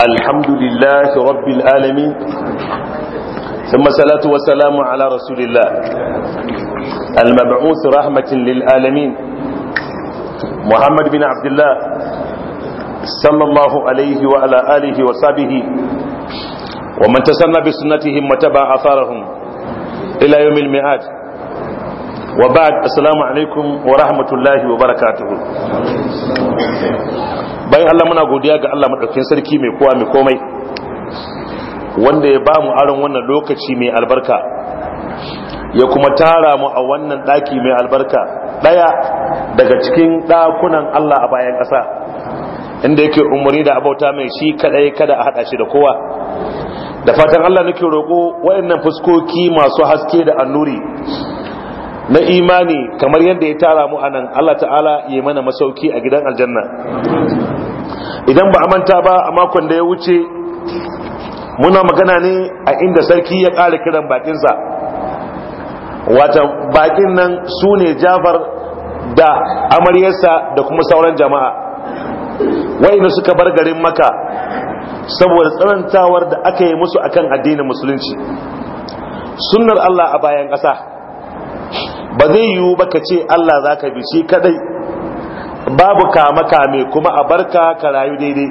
الحمد لله رب العالمين ثم الصلاة والسلام على رسول الله المبعوث رحمة للعالمين محمد بن عبد الله صلى الله عليه وعلى آله وصحبه ومن تسنى بسنتهم وتبع أثارهم إلى يوم المعاد وبعد السلام عليكم ورحمة الله وبركاته bayan Allah muna godiya ga Allah madaukakin sarki mai kowa mai komai wanda ya ba mu aron wannan lokaci mai albarka ya kuma tara mu a wannan daki mai albarka daya daga cikin dakunan Allah a bayan ƙasa inda yake umarni da abauta mai shi kadai kada a hada shi da kowa da fatan Allah nake roko waɗannan fuskoki masu haske da annuri na imani kamar yadda ya tara mu anan Allah ta'ala ya mana masauki a gidan aljanna idan ba a manta ba a makon da ya wuce muna magana ne a inda sarki ya ƙara kiran bakinsa Wata bakin nan su ne jafar da amaryarsa da kuma sauran jama'a wa'ina suka bar garin maka saboda tsanantawar da aka yi musu akan addinin musulunci sunnar allah a bayan ƙasa ba zai yiwu ba ka ce allah za ka bi shi kadai babu kame kame kuma a barka ka rayu daidai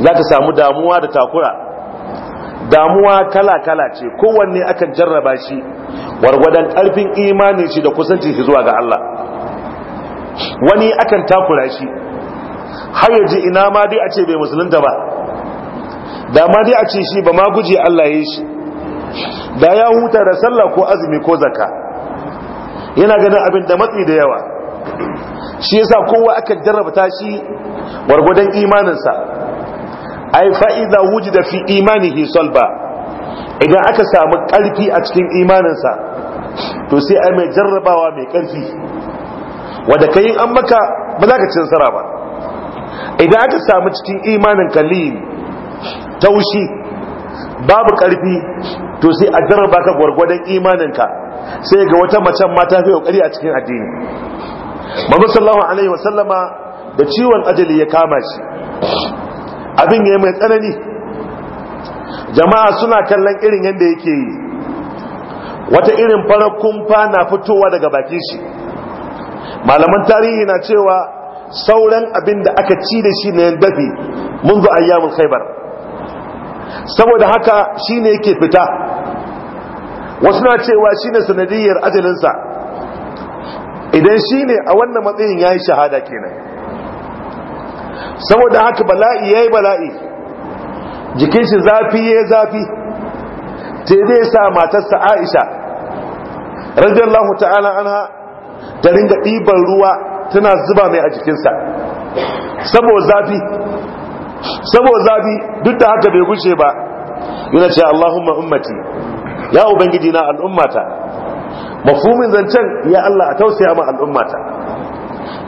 za ka samu damuwa da takura damuwa kala-kala ce kowanne akan jarraba shi wargwadon ƙarfin imanin shi da kusancin shi zuwa ga Allah wani akan takura shi har yaji ina ma dai a ce bai musulunta ba da ma dai a ce shi ba ma guje Allah ya yi shi da ya huta da sallah ko azumi ko zaka yana ganin abin da matsi da yawa shi yasa kowa aka jarrabata shi gwargwadon imaninsa ai fa'iza wujida fi imanihi salba idan aka samu ƙarfi a cikin imaninsa to sai ai mai jarrabawa mai ƙarfi wanda ka yi an maka ba za ka ci nasara ba idan aka samu cikin imanin kalil taushi babu ƙarfi to sai a jarraba ka gwargwadon imaninka sai ga wata macen mata fi ƙoƙari a cikin addini Mabu sallallahu alaihi wasallama da ciwon ajali ya kama shi abin ya yi mai tsanani jama'a suna kallon irin yadda yake yi wata irin farar kumfa na fitowa daga bakin shi malaman tarihi na cewa sauran abin da aka ci da shi na dafi munzu ayyamin khaibar saboda haka shine yake fita wasu na cewa shine sanadiyyar ajalinsa idan shi ne a wannan matsayin ya yi shahada kenan saboda haka bala'i ya yi bala'i jikin shi zafi ya zafi ta zai sa matarsa aisha radiyallahu ta'ala ana ta ringa ɗiban ruwa tana zuba mai a jikinsa saboda zafi saboda zafi duk da haka bai gushe ba yana ce allahumma ummati ya ubangiji na al'ummata mafumin zancen ya Allah a tausaya ma al'ummata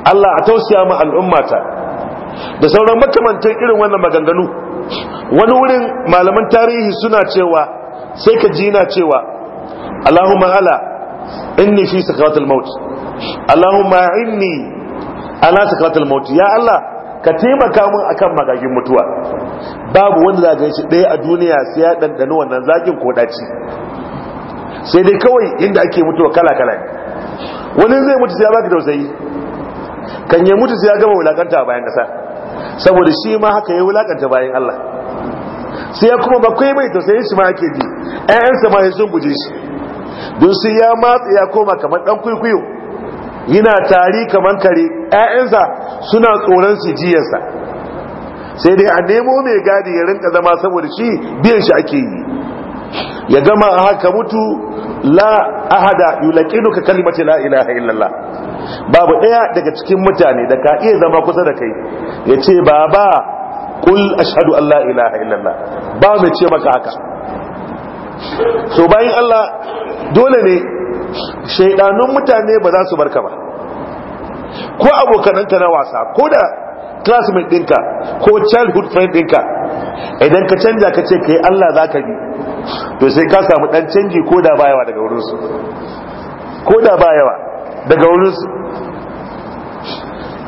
Allah a tausaya ma al'ummata da sauran makamantan irin wannan maganganu wani wurin malaman tarihi suna cewa sai ka ji na cewa Allahumma ala inni fi sakaratul maut Allahumma inni ala sakaratul maut ya Allah ka taimaka mun akan magagin mutuwa babu wanda za shi ɗaya a duniya sai ya dandano wannan zakin ko ɗaci sai dai kawai inda ake mutuwa kala kala ne wani zai mutu sai ya baka tausayi kan ya mutu sai ya gama wulakanta a bayan ƙasa saboda shi ma haka ya wulakanta bayan Allah sai ya kuma bakwai mai tausayin shi ma ake ji ƴaƴansa ma sun guje shi don sai ya matsa ya koma kamar ɗan kwaikwayo yana tari kamar kare ƴaƴansa suna tsoron su jiyarsa sai dai a nemo mai gadi ya rinka zama saboda shi biyan shi ake yi ya gama a haka mutu la ahada ka kalimati la ilaha illallah babu daya daga cikin mutane da ka iya zama kusa da kai yace baba kul ashhadu an la ilaha illallah ba mai ce maka haka so bayan Allah dole ne shaidanun mutane ba za su barka ba ko abokananka na wasa ko da classmate dinka ko childhood friend dinka idan ka canja ka ce ka yi Allah za ka bi to sai ka samu ɗan canji ko da ba yawa daga wurinsu ko da ba yawa daga wurinsu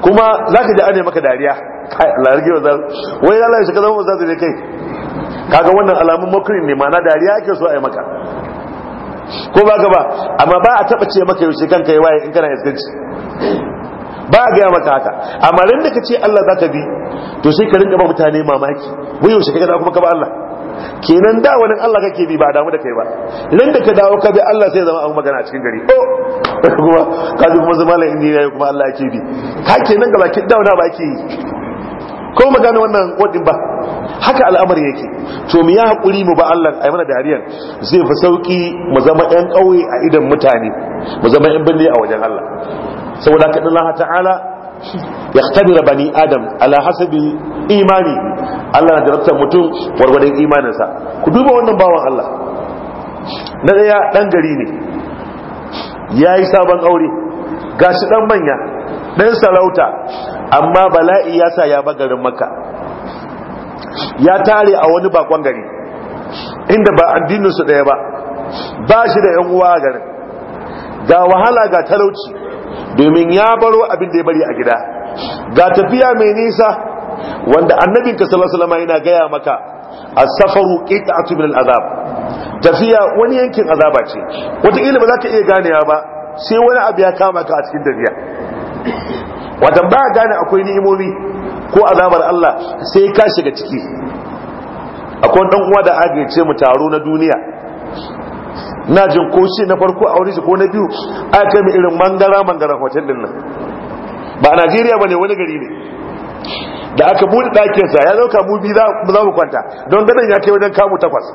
kuma za ka ji ane maka dariya largi wa zan wai Allah ya shiga zama wa zan kai kaga wannan alamun makirin ne ma'ana dariya ake so a yi maka ko ba ka ba amma ba a taɓa ce maka yaushe kanka yi waye in kana iskanci ba a gaya maka haka amma ran da ka ce Allah za ka bi to sai ka rinka ba mutane mamaki wayo shi kaga kuma ka ba Allah kenan da wani Allah kake bi ba damu da kai ba ran da ka dawo ka bi Allah sai zama abu magana a cikin gari oh kuma ka ji kuma zama la indiya kuma Allah yake bi ka kenan ga baki dauna ba ke yi ko mu gane wannan wadin ba haka al'amari yake to mu ya hakuri mu ba Allah ai mana dariyar zai fi sauki mu zama ɗan kauye a idan mutane mu zama ɗan bindi a wajen Allah saboda ka Allah ta'ala ya tabira bani adam ala hasabi imani Allah na jarabta mutum warwadin imaninsa ku duba wannan bawan Allah na ɗaya ɗan gari ne ya yi sabon aure ga shi ɗan manya dan sarauta amma bala'i ya sa ya bagarin maka ya tare a wani bakon gari inda ba addininsu ɗaya ba ba shi da yan uwa a garin ga wahala ga talauci domin ya baro abin da ya bari a gida ga tafiya mai nisa wanda annabin ka sallallahu alaihi wasallam yana gaya maka as-safaru qita'atu min al-azab tafiya wani yankin azaba ce wata ila ba za ka iya ganewa ba sai wani abu ya kama ka a cikin tafiya wata ba gane akwai ni'imomi ko azabar Allah sai ka shiga ciki akwai dan uwa da ce mu taro na duniya na jin ko shi na farko a wurin shi ko na biyu a ka mu irin mangara mangara hotel din nan ba a Najeriya bane wani gari ne da aka buɗe ɗakinsa ya zauka mu biyu za mu kwanta don ganin ya kai wajen kamu takwas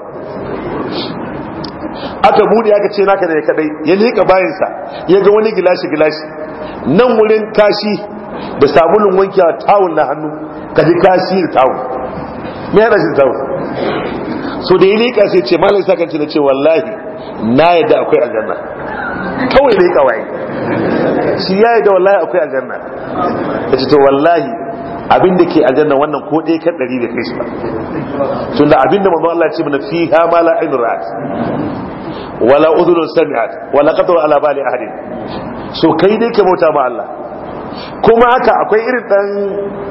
aka buɗe aka ce naka da ne kadai ya liƙa sa ya ga wani gilashi gilashi nan wurin kashi da sabulun wankewa a tawul na hannu ka kashi da tawul me ya rashin tawul so da ya liƙa sai ce malam isa ce na ce wallahi na yadda akwai aljanna kawai da yi kawai shi ya yadda wallahi akwai aljanna ya ce to wallahi abin da ke aljanna wannan ko ɗaya kan ɗari da kai shi ba tunda abin da mamman Allah ce mana fi ha mala ainihin ra'at wala udhunun sami'at wala qatar ala bali ahadin so kai dai ka bauta ma Allah kuma haka akwai irin ɗan.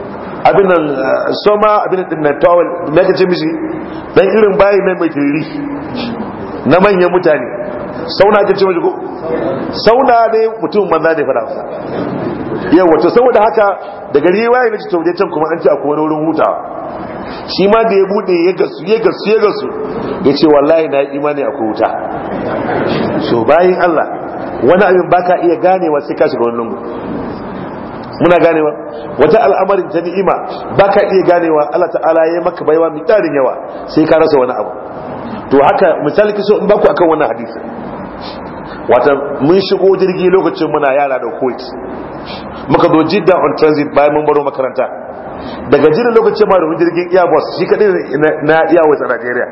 abin nan uh, soma abin din na tawal me kace mishi dan irin bayi mai mai tiri na manyan mutane sauna kace mishi ko sauna ne mutum manza ne fara yawa to saboda haka daga riwaya ne to can kuma an ci akwai wani wurin hutawa shi ma da ya bude ya gasu ya gasu ya gasu ya ce wallahi na imani akwai wuta so bayin Allah wani abin baka iya ganewa sai ka shiga wani lungu muna ganewa wata al'amarin ta ni'ima ba ka iya ganewa Allah ta'ala ya maka baiwa mai tarin yawa sai ka rasa wani abu to haka misali kiso in baku akan wannan hadisi wata mun shigo jirgi lokacin muna yara da kuwait muka zo jidda on transit bayan mun baro makaranta daga jirgin lokacin ma da jirgin airbus shi kadai na airways a nigeria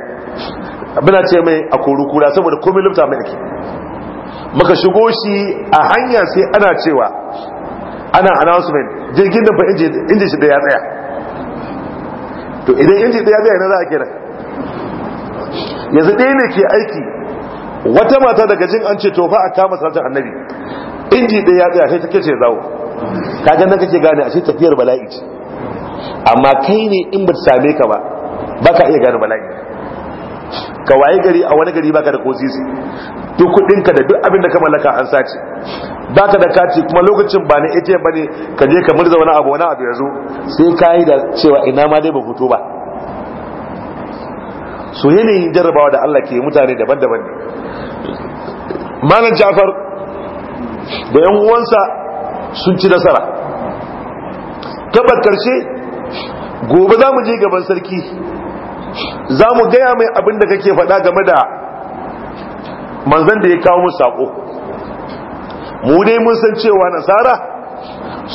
abin ce mai a kura saboda komai lufta mai ake muka shigo shi a hanya sai ana cewa ana announcement jirgin nan fa'in inji shi da ya tsaya to idan inji da ya tsaya na za a kira yanzu ɗaya ne ke aiki wata mata daga jin an ce to fa a kama sarjin annabi inji ɗaya ya tsaya sai take ce zawo kaga nan kake gane a ce tafiyar bala'i ce amma kai ne in ba same ka ba baka iya gane bala'i ka waye gari a wani gari baka da ko sisi duk kuɗinka da duk abin da ka mallaka an sace ba ka da kati kuma lokacin ba na ita ba ne ka je ka murza wani abu wani abu ya zo sai ka yi da cewa ina ma dai ba fito ba su yin jarrabawa da Allah ke mutane daban-daban ne Manan jafar da yan uwansa sun ci nasara tabbat karshe gobe za mu je gaban sarki za mu gaya mai abin da kake faɗa game da manzan da ya kawo mu saƙo mu ne mun san cewa nasara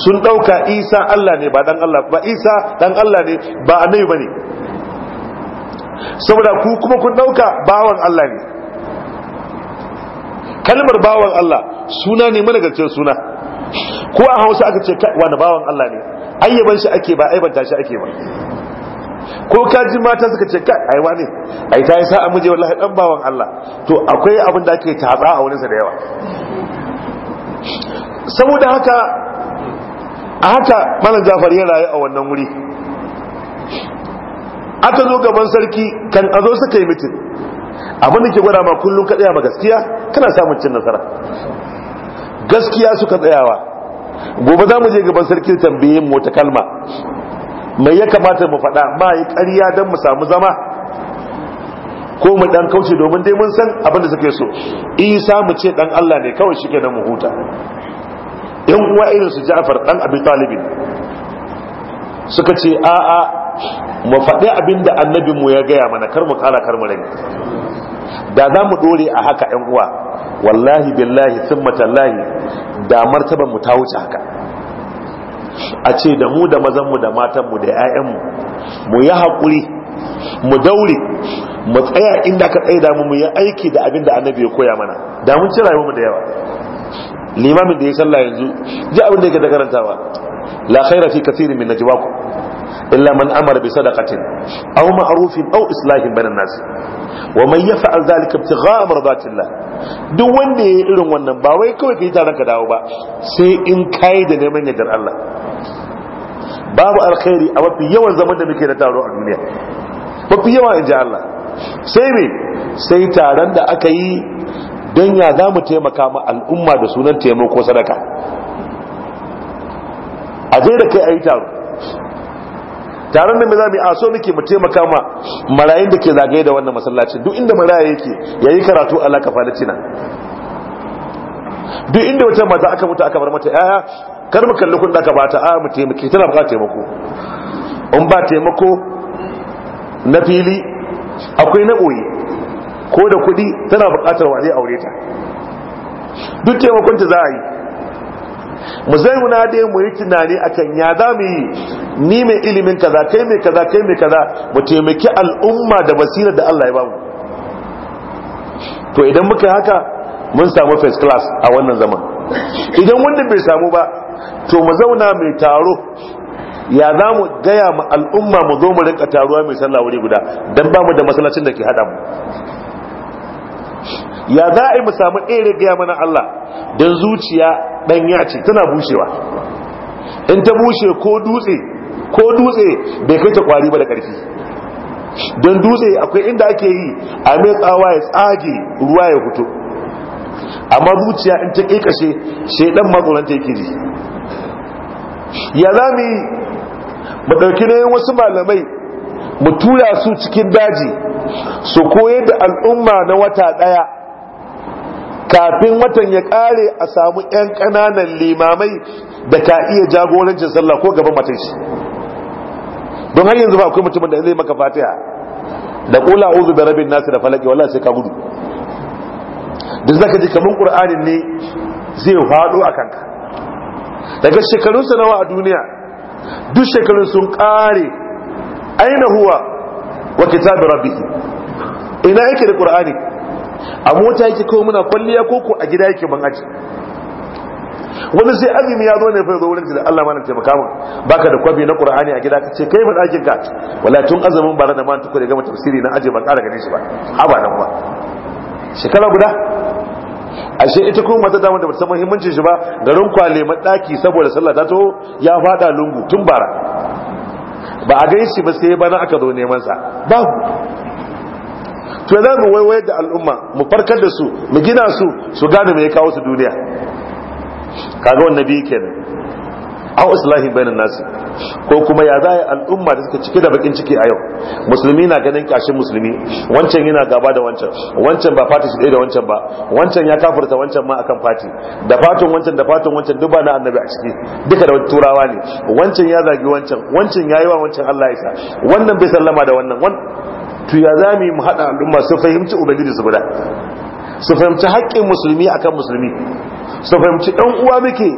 sun ɗauka isa Allah ne ba dan Allah ba isa dan Allah ne ba annabi ba ne saboda ku kuma kun ɗauka bawan Allah ne kalmar bawan Allah suna ne managarcin suna ko a hausa aka ce wani bawan Allah ne ayyaban shi ake ba aibanta shi ake ba ko kaji mata suka ce kai ai ne ai ta yi sa'a muje wallahi dan bawan Allah to akwai abin da ake tatsa a sa da yawa saboda haka a haka malam jafar ya rayu a wannan wuri aka zo gaban sarki kan a zo suka yi mitin abinda ke gwada ma kullum ka tsaya ma gaskiya kana samun cin nasara gaskiya suka tsayawa gobe za mu je gaban sarki tambaye mu wata kalma mai ya kamata mu faɗa ma yi ƙarya don mu samu zama ko mu dan kauce domin dai mun san abin da suke so isa mu ce dan Allah ne kawai shi kenan mu huta yan uwa irin su Ja'far dan Abi Talib suka ce a a mu faɗi abin da annabin mu ya gaya mana kar mu kara kar mu rage da za mu dore a haka yan uwa wallahi billahi thumma tallahi da martaban mu ta wuce haka a ce da mu da mazan mu da matan mu da 'ya'yan mu mu yi haƙuri mu daure mu tsaya inda ka tsaye damu mu yi aiki da abin da annabi ya koya mana da mun ci rayuwar mu da yawa limamin da ya salla yanzu ji abin da yake da karantawa la khaira fi kathirin min najwakum illa man amara bi sadaqatin aw ma'rufin aw islahin bainan nas wa man yaf'al dhalika ibtigha'a mardatillah duk wanda ya irin wannan ba wai kawai kai taron ka dawo ba sai in kai da neman yardar Allah babu alkhairi a mafi yawan zaman da muke da taro a duniya mafi yawa in ji Allah sai me sai taron da aka yi don ya za mu taimaka ma al'umma da sunan taimako sadaka a zai da kai a yi taro taron da za mu yi a so muke mu taimaka ma marayun da ke zagaye da wannan masallacin duk inda maraya yake ya yi karatu Allah ka falatina duk inda wata mata aka mutu aka bar mata yaya kar mu kalli kun da ka bata a mu taimake tana buƙatar taimako in ba taimako na fili akwai na ɓoye ko da kuɗi tana buƙatar wa zai aure ta duk taimakon ta za a yi mu zai zauna dai mu yi tunani akan ya za mu yi ni mai ilimin kaza kai mai kaza kai mai kaza mu taimaki al'umma da basirar da Allah ya bamu to idan muka haka mun samu first class a wannan zaman idan wannan bai samu ba to mu zauna mai taro ya za mu gaya ma al'umma mu zo mu rinka taruwa mai sallah wuri guda dan ba mu da masallacin da ke hada mu ya za a yi mu samu ɗere gaya mana Allah don zuciya ya ce tana bushewa in ta bushe ko dutse ko dutse bai kai ta kwari ba da ƙarfi don dutse akwai inda ake yi a mai tsawa ya tsage ruwa ya fito amma zuciya in ta ƙiƙashe shaidan matsoranta yake ji ya za mu yi ɗauki nayin wasu malamai mu tura su cikin daji su koyar da al'umma na wata ɗaya kafin watan ya ƙare a samu 'yan ƙananan limamai da ka iya jagorancin sallah ko gaban matan don har yanzu ba akwai mutumin da zai maka fatiha da ƙula uzu da rabin nasu da falaki wallah sai ka gudu da zaka ji kamar ƙur'anin ne zai faɗo a kanka daga shekarunsa nawa a duniya duk shekarun sun kare aina huwa wa kitabi rabbi ina yake da qur'ani a mota yake kawo muna kwalliya ko ko a gida yake ban aji wani sai azumi ya zo ne fa zo wurin da Allah na taimaka min baka da kwabi na Qur'ani a gida ka ce kai ba dakin ka wallahi tun azumin bara da man tuku da gama tafsiri na aje ba kara gane shi ba haba nan ba shekara guda ashe ita kuma mata damar da bata san muhimmancin shi ba garin kwale daki saboda sallah ta to ya fada lungu tun bara ba a gan shi ba sai bana aka zo neman sa ba to yana mu waiwayar da al'umma mu farkar da su mu gina su su gane me ya kawo su duniya kaga wannan biyu kenan aw islahi bainan nasi ko kuma ya zai al'umma da suke cike da bakin ciki a yau musulmi na ganin kashin musulmi wancan yana gaba da wancan wancan ba fati shi da wancan ba wancan ya kafirta wancan ma akan fati da fatun wancan da fatun wancan duk ba na annabi a ciki duka da turawa ne wancan ya zagi wancan wancan yayi wa wancan Allah ya sa wannan bai sallama da wannan tu ya zami mu hada al'umma su fahimci ubangiji su guda su fahimci haƙƙin musulmi akan musulmi su fahimci ɗan uwa muke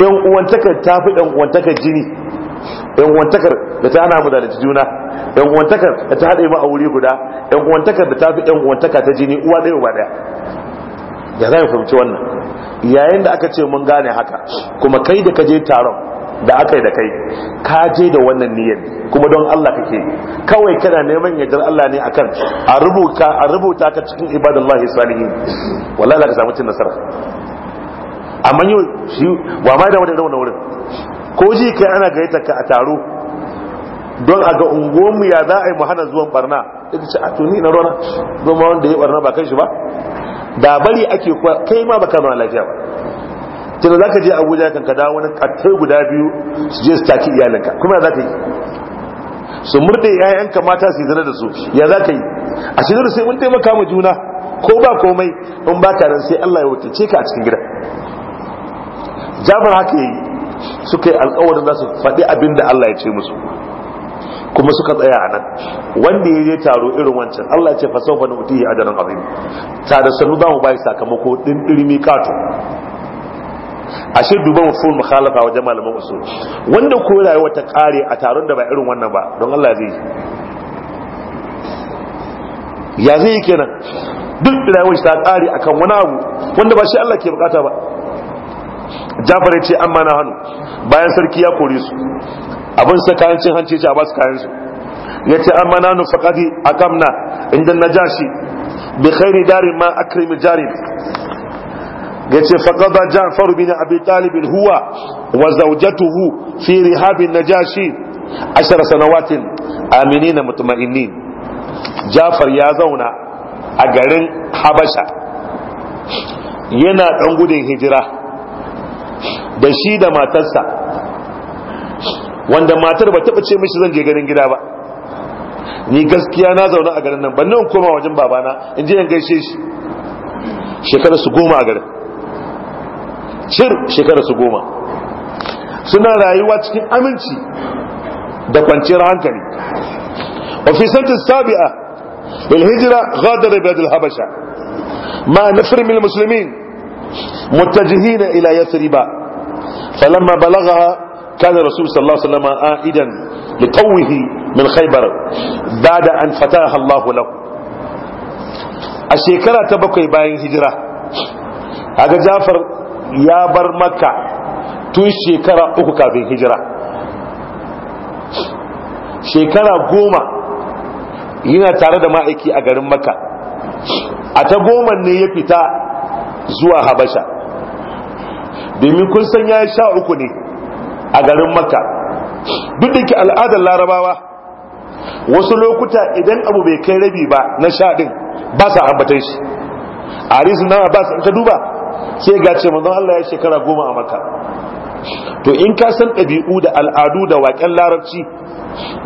ɗan uwantakar ta fi ɗan uwantakar jini ɗan uwantakar da ta hana mu da juna ɗan uwantakar da ta haɗe mu a wuri guda ɗan uwantakar da ta fi ɗan uwantaka ta jini uwa ɗaya uba ɗaya ya za mu fahimci wannan yayin da aka ce mun gane haka kuma kai da ka je taron da aka yi da kai ka je da wannan niyyar kuma don Allah kake kawai kana neman yajar Allah ne akan a rubuta a rubuta ka cikin ibadallahi salihin wallahi ka samu cin nasara amma yau shi ba ma da wani rauna wurin ko ji kai ana gaita ka a taro don a ga unguwanmu ya za a yi mu hana zuwan barna ita ce a tuni na rona zoma wanda ya barna ba kai shi ba da bari ake kai ma baka ma lafiya ba tunda za ka je abuja kan ka dawo wani kattai guda biyu su je su taki iyalinka kuma za ka yi su murɗe 'ya'yanka mata su zana da su ya za ka yi a shi sai mun taimaka mu juna ko ba komai in ba ka sai Allah ya ce ka a cikin gida Jafar haka yi suka yi alkawarin za su faɗi abin da Allah ya ce musu kuma suka tsaya a nan wanda ya je taro irin wancan Allah ya ce fasau fa nutihi adanan abin ta da sanu za mu bai sakamako ɗin dirmi kato ashe duba mafhumul mukhalafa wajen malaman usul wanda ko rayuwa ta kare a taron da ba irin wannan ba don Allah zai ya zai yi kenan duk rayuwa ta kare akan wani abu wanda ba shi Allah ke bukata ba Jafar ya ce amma na hannu bayan sarki ya kore su abin sa kayan cin hanci ce a ba su kayan su ya ce amma na hannu fakadi a kamna inda na jashi bi khairi darin ma akrimi jarin yace faqada ja'far bin abi talib huwa wa zawjatuhu fi rihab an-najashi ashara sanawatin aminina mutma'innin ja'far ya zauna a garin habasha yana dan gudun hijira da shi da matarsa wanda matar ba taɓa ce mishi zan je garin gida ba ni gaskiya na zauna a garin nan ban nan koma wajen babana in je in gaishe shi shekarar su goma a garin cir shekararsu goma suna rayuwa cikin aminci da kwanciyar hankali ofisantin sabi'a ilhijira ghadar ibadul habasha ma nufir mil musulmin mutajihina ila yasri ba falamma balaga كان الرسول صلى الله عليه وسلم ba da anfata hallahu بعد أن فتاها الله له الشيكرة تبقى باين هجرة هذا جعفر ya bar maka tun shekara uku kafin hijira shekara goma yana tare da ma'aiki a garin maka. a ta goma ne ya fita zuwa habasha domin kun san ya sha uku ne a garin maka. duk da ke al'adar larabawa wasu lokuta idan abu bai kai rabi ba na sha din ba sa ambatan shi a rizu na abbas in ta duba sai ga ce manzon Allah ya shekara goma a maka to in ka san ɗabi'u da al'adu da waƙen larabci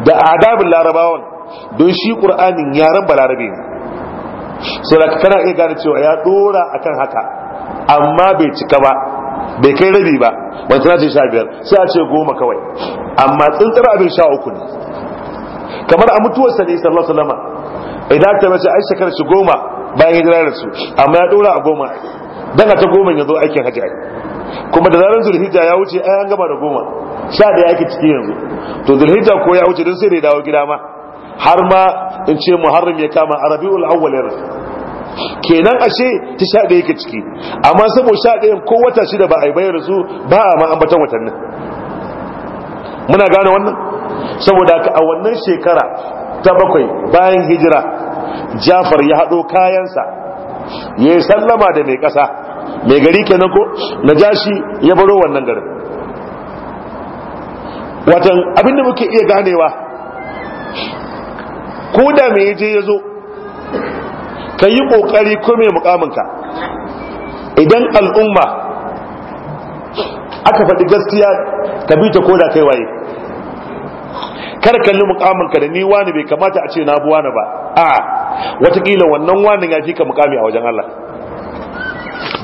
da adabin larabawan don shi ƙur'anin yaren larabe ne Sai da kana iya gane cewa ya ɗora akan haka amma bai cika ba bai kai rabi ba wanda tana ce sha biyar sai a ce goma kawai amma tsintsar abin sha uku ne kamar a mutuwarsa ne sallallahu alaihi wasallam idan ta mace ai shekara shi goma bayan hijira da su amma ya dora a goma dan a ta goma ya zo aikin hajji kuma da zaran zulhijja ya wuce ai an gama da goma sha da yake ciki yanzu to zulhijja ko ya wuce don sai da dawo gida ma har ma in ce muharram ya kama arabiul awwal kenan ashe ta sha da yake ciki amma saboda sha ɗayan ko wata shida ba a yi bayar su ba a ma ambatan watannin muna gane wannan saboda a wannan shekara ta bakwai bayan hijira jafar ya haɗo kayansa ya yi sallama da mai ƙasa mai gari kenan ko na najashi ya baro wannan garin watan abinda muke iya ganewa ko da mai je ya zo ka yi ƙoƙari ko mai mukaminka idan al'umma aka faɗi gaskiya ka bi ta koda kai waye kar kalli mukamin ka da ni wani bai kamata a ce na bu wani ba a watakila wannan wani ya fi ka mukami a wajen Allah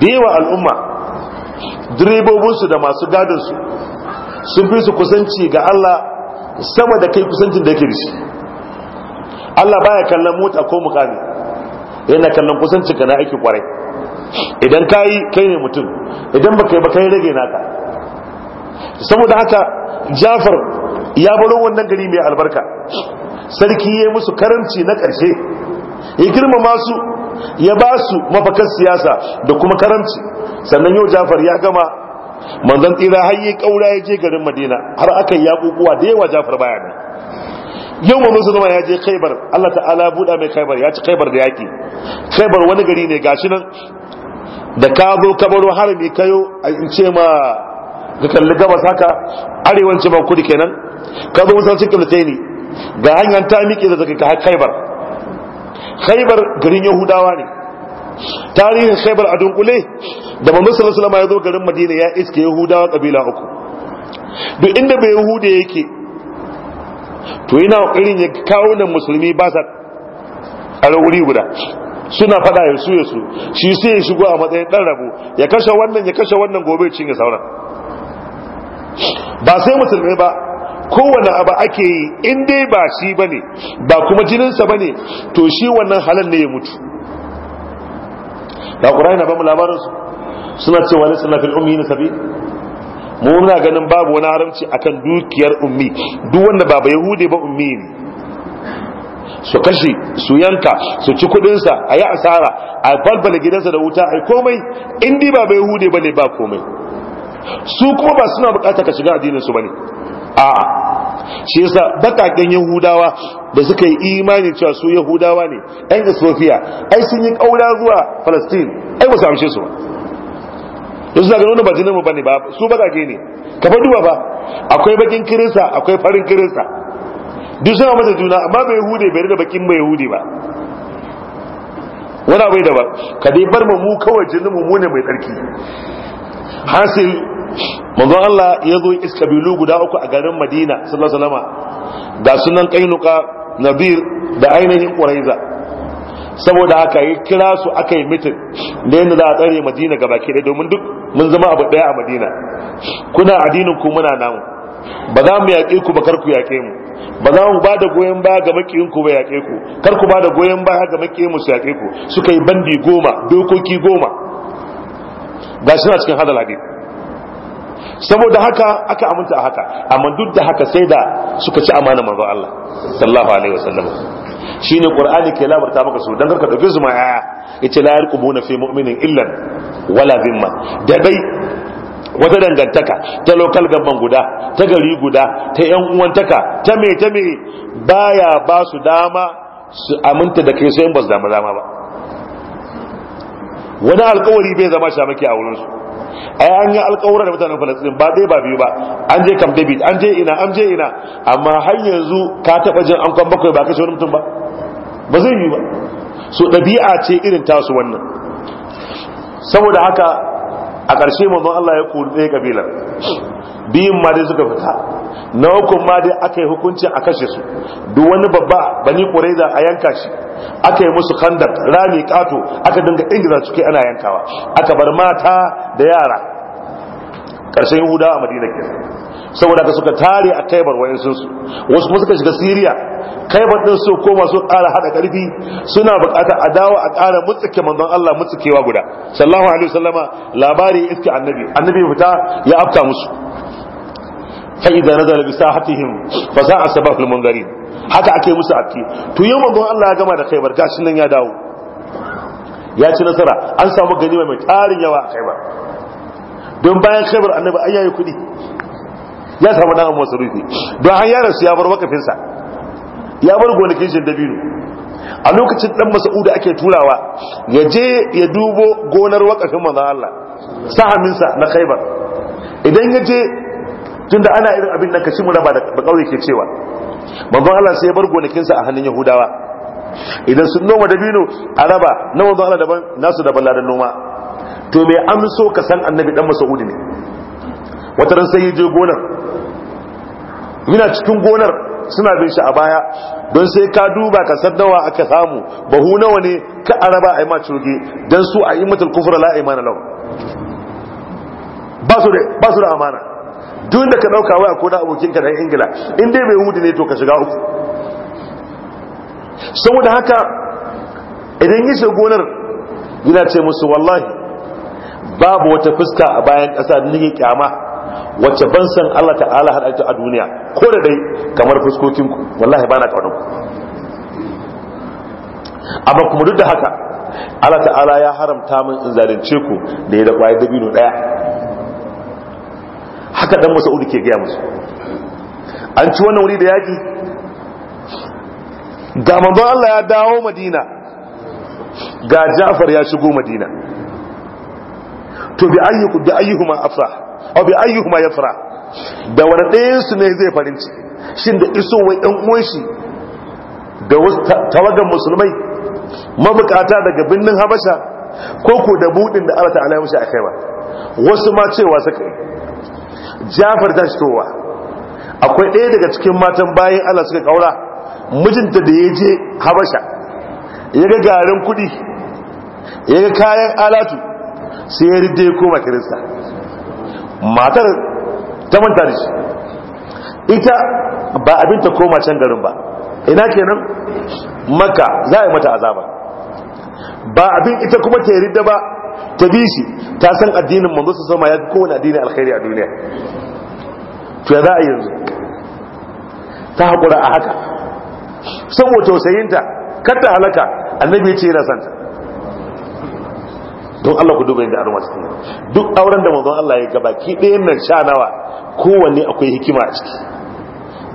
da yawa al'umma direbobinsu da masu gadinsu sun fi su kusanci ga Allah sama da kai kusancin da yake da shi Allah baya kallon mota ko mukami yana kallon kusancin ka na aiki kwarai idan ka yi kai ne mutum idan baka yi ba kai rage naka saboda haka jafar ya baro wannan gari mai albarka sarki ya musu karamci na ƙarshe ya girmama su ya ba su mafakar siyasa da kuma karamci sannan yau jafar ya gama manzon tsira har yi ƙaura ya je garin madina har aka yi yaƙuƙuwa da yawa jafar baya nan yau mamu zama ya je Kaibar. allah ta'ala buɗa mai Kaibar. ya ci Kaibar da yaƙi Kaibar wani gari ne gashi nan da ka zo ka baro harami kayo a in ce ma ka kalli gabas haka arewanci ba kudi kenan ka zo masallacin kiblatai ga hanyar ta miƙe da kai khaibar khaibar garin yahudawa ne tarihin khaibar a dunkule da mamman sulama ya zo garin madina ya iske yahudawa kabila uku duk inda bai yahuda yake to yana irin ya kawo nan musulmi ba sa a wuri guda suna fada ya su ya su shi sai ya shigo a matsayin dan rabu ya kashe wannan ya kashe wannan gobe cin ya sauran ba sai musulmi ba kowane abu ake yi in dai ba shi bane ba kuma jininsa bane to shi wannan halin ne ya mutu da ƙura na ba mu labarinsu suna cewa ne suna fil ummi na sabi mu muna ganin babu wani haramci akan dukiyar ummi duk wanda ba ba yahudi ba ummi ne su kashe su yanka su ci kudinsa a yi asara a falbala gidansa da wuta a komai in dai ba ba yahudi ba ne ba komai su kuma ba suna bukata ka shiga addinin su ba ne a'a shi yasa bakaken yahudawa da suka yi imani cewa su yahudawa ne ɗan sofiya ai sun yi ƙaura zuwa falastin ai ba su amshe su ba yanzu zaga nuna ba jinin mu bane ba su ba kake ne ka fa duba ba akwai bakin kirista akwai farin kirista duk suna mata juna amma bai hude bai da bakin mai hude ba wani abai da ba ka dai bar mu kawai jinin mu ne mai tsarki hasil manzo Allah ya zo iska bilu guda uku a garin Madina sallallahu alaihi wasallam ga sunan Kainuka Nabir da ainihin Quraiza saboda haka yi kira su aka yi mitin da yadda za a tsare Madina gaba ke domin duk mun zama abu daya a Madina kuna addinin ku muna namu ba za mu yaƙe ku ba kar ku yaƙe mu ba za mu ba da goyon baya ga makiyin ku ba yaƙe ku kar ku ba da goyon baya ga makiyin mu su yaƙe ku suka yi bandi goma dokoki goma ga suna cikin hadal hadith saboda haka aka aminta a haka amma duk da haka sai da suka ci amana manzo Allah sallallahu alaihi wasallam shine qur'ani ke labarta maka su dan karka dauke su ma aya yace la yarqubuna fi mu'minin illa wala zimma da dai wata dangantaka ta lokal gaban guda ta gari guda ta yan uwantaka ta me ta me baya ba su dama su aminta da kai sai in ba su dama dama ba wani alkawari bai zama maki a wurinsu ai an yi alƙawura da mutanen falastin ba dai ba biyu ba an je kam david an je ina an je ina amma har yanzu ka taɓa jin an kwan bakwai ba kashe wani mutum ba ba zai yi ba so ɗabi'a ce irin tasu wannan saboda haka a ƙarshe mazan Allah ya kuri ɗaya kabilar biyun ma dai suka fita na hukun ma dai aka yi hukunci a kashe su duk wani babba bani da a yanka shi aka yi musu kandar rami kato aka dinga ingiza cikin ana yankawa aka bar mata da yara karshen yahuda a madina ke saboda ka suka tare a kaibar wayansu wasu kuma suka shiga siriya kaibar din su koma su ƙara hada karfi suna bukatar a dawo a ƙara mutsuke manzon Allah mutsukewa guda sallallahu alaihi wasallama labari iska annabi annabi fita ya afka musu fa idza nazala ba za a sa'a sabahul gari, haka ake musu afi to yau manzon Allah ya gama da Khaibar gashin nan ya dawo ya ci nasara an samu ganima mai tsarin yawa a Khaibar don bayan Khaibar annabi an yayi kuɗi ya samu dan masarufi don har yaron su ya bar wakafinsa. ya bar gonakin shi dabinu. a lokacin dan da ake turawa ya je ya dubo gonar wakafin manzon Allah sahaminsa na Khaibar idan ya je tunda ana irin abin nan ka muraba mu raba da kauye ke cewa manzon Allah sai ya bar gonakinsa a hannun Yahudawa idan sun noma dabino a raba na manzon Allah daban nasu daban ladan noma to me amso ka san annabi dan masa'udi ne wata ran sai ya je gonar yana cikin gonar suna bin shi a baya don sai ka duba ka san nawa aka samu bahu nawa ne ka araba a yi ma curge don su a yi matal kufra la ba su da amana duk da ka dauka waya ko da abokinka dan ingila in dai bai hudu ne to ka shiga uku saboda haka idan yi gonar yana ce musu wallahi babu wata fuska a bayan ƙasa da nake kyama wacce ban san Allah ta'ala hada a duniya ko da dai kamar fuskokin ku wallahi bana kaunar ku amma kuma duk da haka Allah ta'ala ya haramta min in zalunce ku da ya da kwaya dabino daya haka dan masa'udu ke gaya musu an ci wannan wuri da yaki ga manzon Allah ya dawo madina ga ja'far ya shigo madina to bi ayyuku bi ayyuhuma afra aw bi ayyuhuma yafra da wani ɗayan su ne zai farin ciki shin da iso wai ɗan uwan shi da wasu tawagan musulmai mabukata daga birnin habasha ko ko da budin da Allah ta'ala ya mishi a ba, wasu ma cewa suka yi jafar ta fitowa akwai ɗaya daga cikin matan bayan allah suka ƙaura mijinta da ya je habasha ya ga garin kuɗi ya ga kayan alatu sai ya ride ya koma kirista matar ta manta da shi ita ba abin ta koma can garin ba ina kenan maka za a yi mata azaba ba abin ita kuma ta yarda ba ta bi shi ta san addinin manzo su sama ya fi kowane addini alkhairi a duniya to ya za a yanzu ta haƙura a haka saboda tausayinta kar ta halaka annabi ya ce yana ta. don Allah ku duba yadda a rumar cikin duk auren da manzon Allah ya gaba ki ɗayan nan sha nawa kowanne akwai hikima a ciki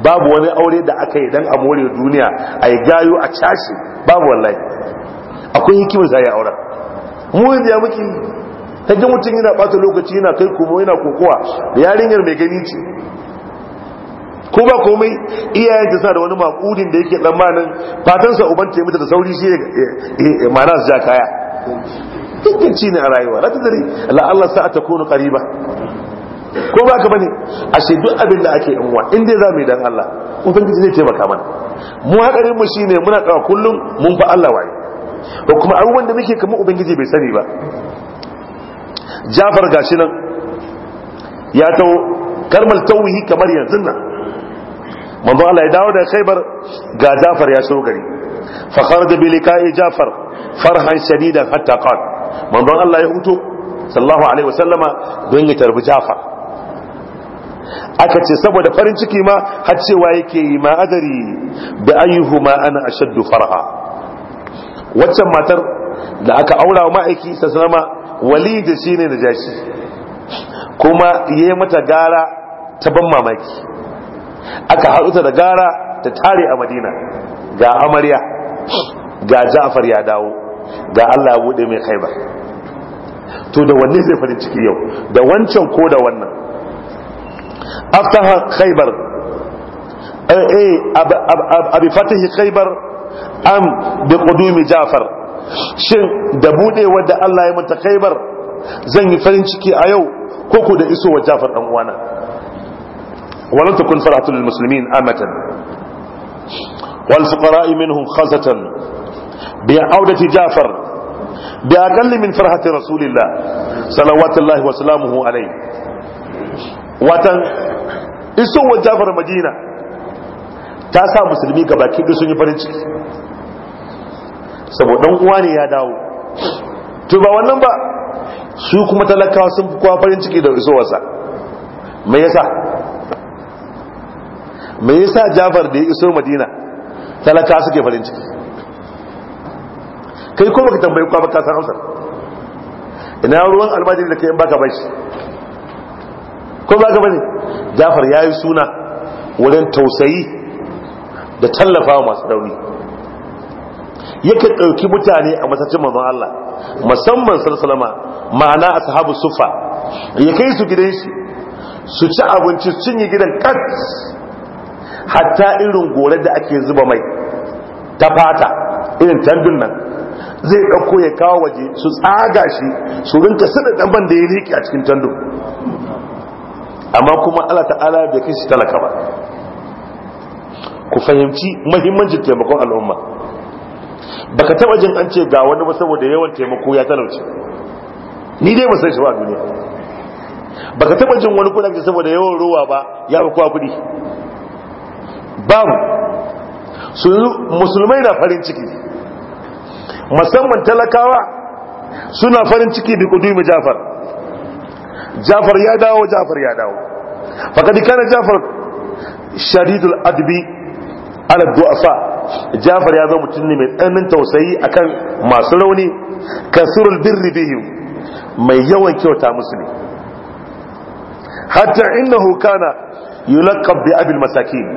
babu wani aure da aka yi dan a more duniya a yi gayo a cashe babu wallahi akwai hikimar zai auren mu ya muke kaga mutum yana bata lokaci yana kai kuma yana kokowa da yarinyar mai gani ce ko ba komai iyayen ta sa da wani makudin da yake fatan fatansa uban ta yi mata da sauri shi ya mana su ja kaya ci ne a rayuwa na tazari Allah Allah sa ta kono kariba ko ba ka bane ashe duk abin da ake yan uwa in dai za mu yi dan Allah ubangiji zai taimaka mana mu hakarin mu shine muna kawo kullum mun fa Allah waye ba kuma abubuwan da muke kamar ubangiji bai sani ba jafar gashi nan ya tau karmal tauhi kamar yanzu nan manzo Allah ya dawo da khaybar ga jafar ya shigo gari fa kharaja bi liqa'i jafar farhan shadidan hatta qad manzo Allah ya huto sallallahu alaihi wasallama don ya tarbi jafar aka ce saboda farin ciki ma har cewa yake yi ma adari bi ayyuhuma ana ashaddu farha waccan matar da aka aura wa ma'aiki wali walidi shi ne da jashi kuma yayi mata gara ta ban mamaki aka haɗuta da gara ta tare a madina ga amarya ga ja'far ya dawo ga allah ya buɗe mai khaibar to da wanne zai farin ciki yau da wancan ko da wannan after khaibar eh, eh, abi fatahi khaibar am bi qudumi jafar shin da budewa da Allah ya mata kaibar zan yi farin ciki a yau ko ko da isowa jafar dan uwana walan takun faratu lil muslimin amatan wal fuqara minhum khazatan bi audati jafar bi aqall min farhati rasulillah salawatullahi wa salamuhu alayhi watan isowa jafar madina ta sa musulmi ga baki duk sun yi farin ciki saboda uwa ne ya dawo to ba wannan ba su kuma talakawa sun fi kowa farin ciki da isowarsa me yasa me yasa jafar da ya iso madina talakawa suke farin ciki kai kuma ka tambayi kwa baka san amsar ina ruwan almajiri da kai in baka bashi ko baka bane jafar yayi suna wurin tausayi da tallafa masu rauni yake ɗauki mutane a masacin manzon Allah musamman salama ma'ana ashabu sufa ya kai su gidan shi su ci abinci su cinye gidan kat hatta irin gore da ake zuba mai ta fata irin tandun nan zai ɗauko ya kawo waje su tsaga shi su rinka sada ɗanban da ya rike a cikin tandun amma kuma Allah ta'ala bai kai shi talaka ba ku fahimci muhimmancin taimakon al'umma baka taba jin an ce ga wani ba saboda yawan taimako ya talauci ni dai ba san shi ba duniya baka taba jin wani kuna saboda yawan ruwa ba ya fi kwa kudi babu su musulmai na farin ciki musamman talakawa suna farin ciki da kudu mu jafar jafar ya dawo jafar ya dawo fakadi kana jafar shadidul adbi ala du'afa jafar ya zama mutum ne mai tsananin tausayi akan masu rauni kasirul birri bihim mai yawan kyauta musu ne hatta innahu kana yulaqab bi abil masakin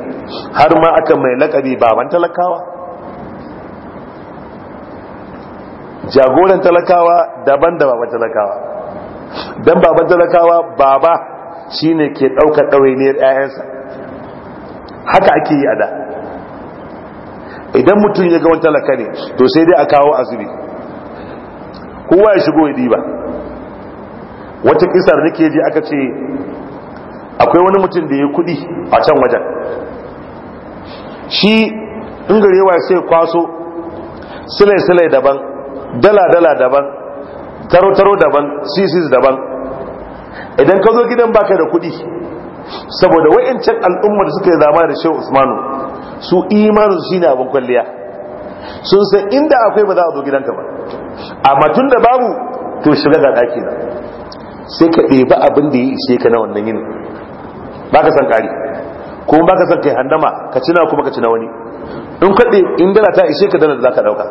har ma aka mai lakabi baban talakawa jagoran talakawa daban da baban talakawa dan baban talakawa baba shine ke daukar ɗawainiyar 'ya'yansa haka ake yi a da idan mutum ya ga wani talaka ne to sai dai a kawo azumi kowa ya shigo ya diba wata kisar nake ji aka ce akwai wani mutum da ya kudi a can wajen shi ingarewa ya sai kwaso silai-silai daban dala-dala daban taro-taro daban sisis daban idan ka zo gidan baka da kudi saboda wayancan al'ummar da suka yi zama da shehu usmanu su imanin shine abin kwalliya sun san inda akwai ba za a zo gidanka ba amma tun da babu to shiga ga ɗaki na sai ka ɗebi abin da ya ishe ka na wannan yinin ba ka san ƙari kuma ba ka san kai handama ka cina kuma ka cina wani in kwaɗe in dala ta ishe ka da za ka ɗauka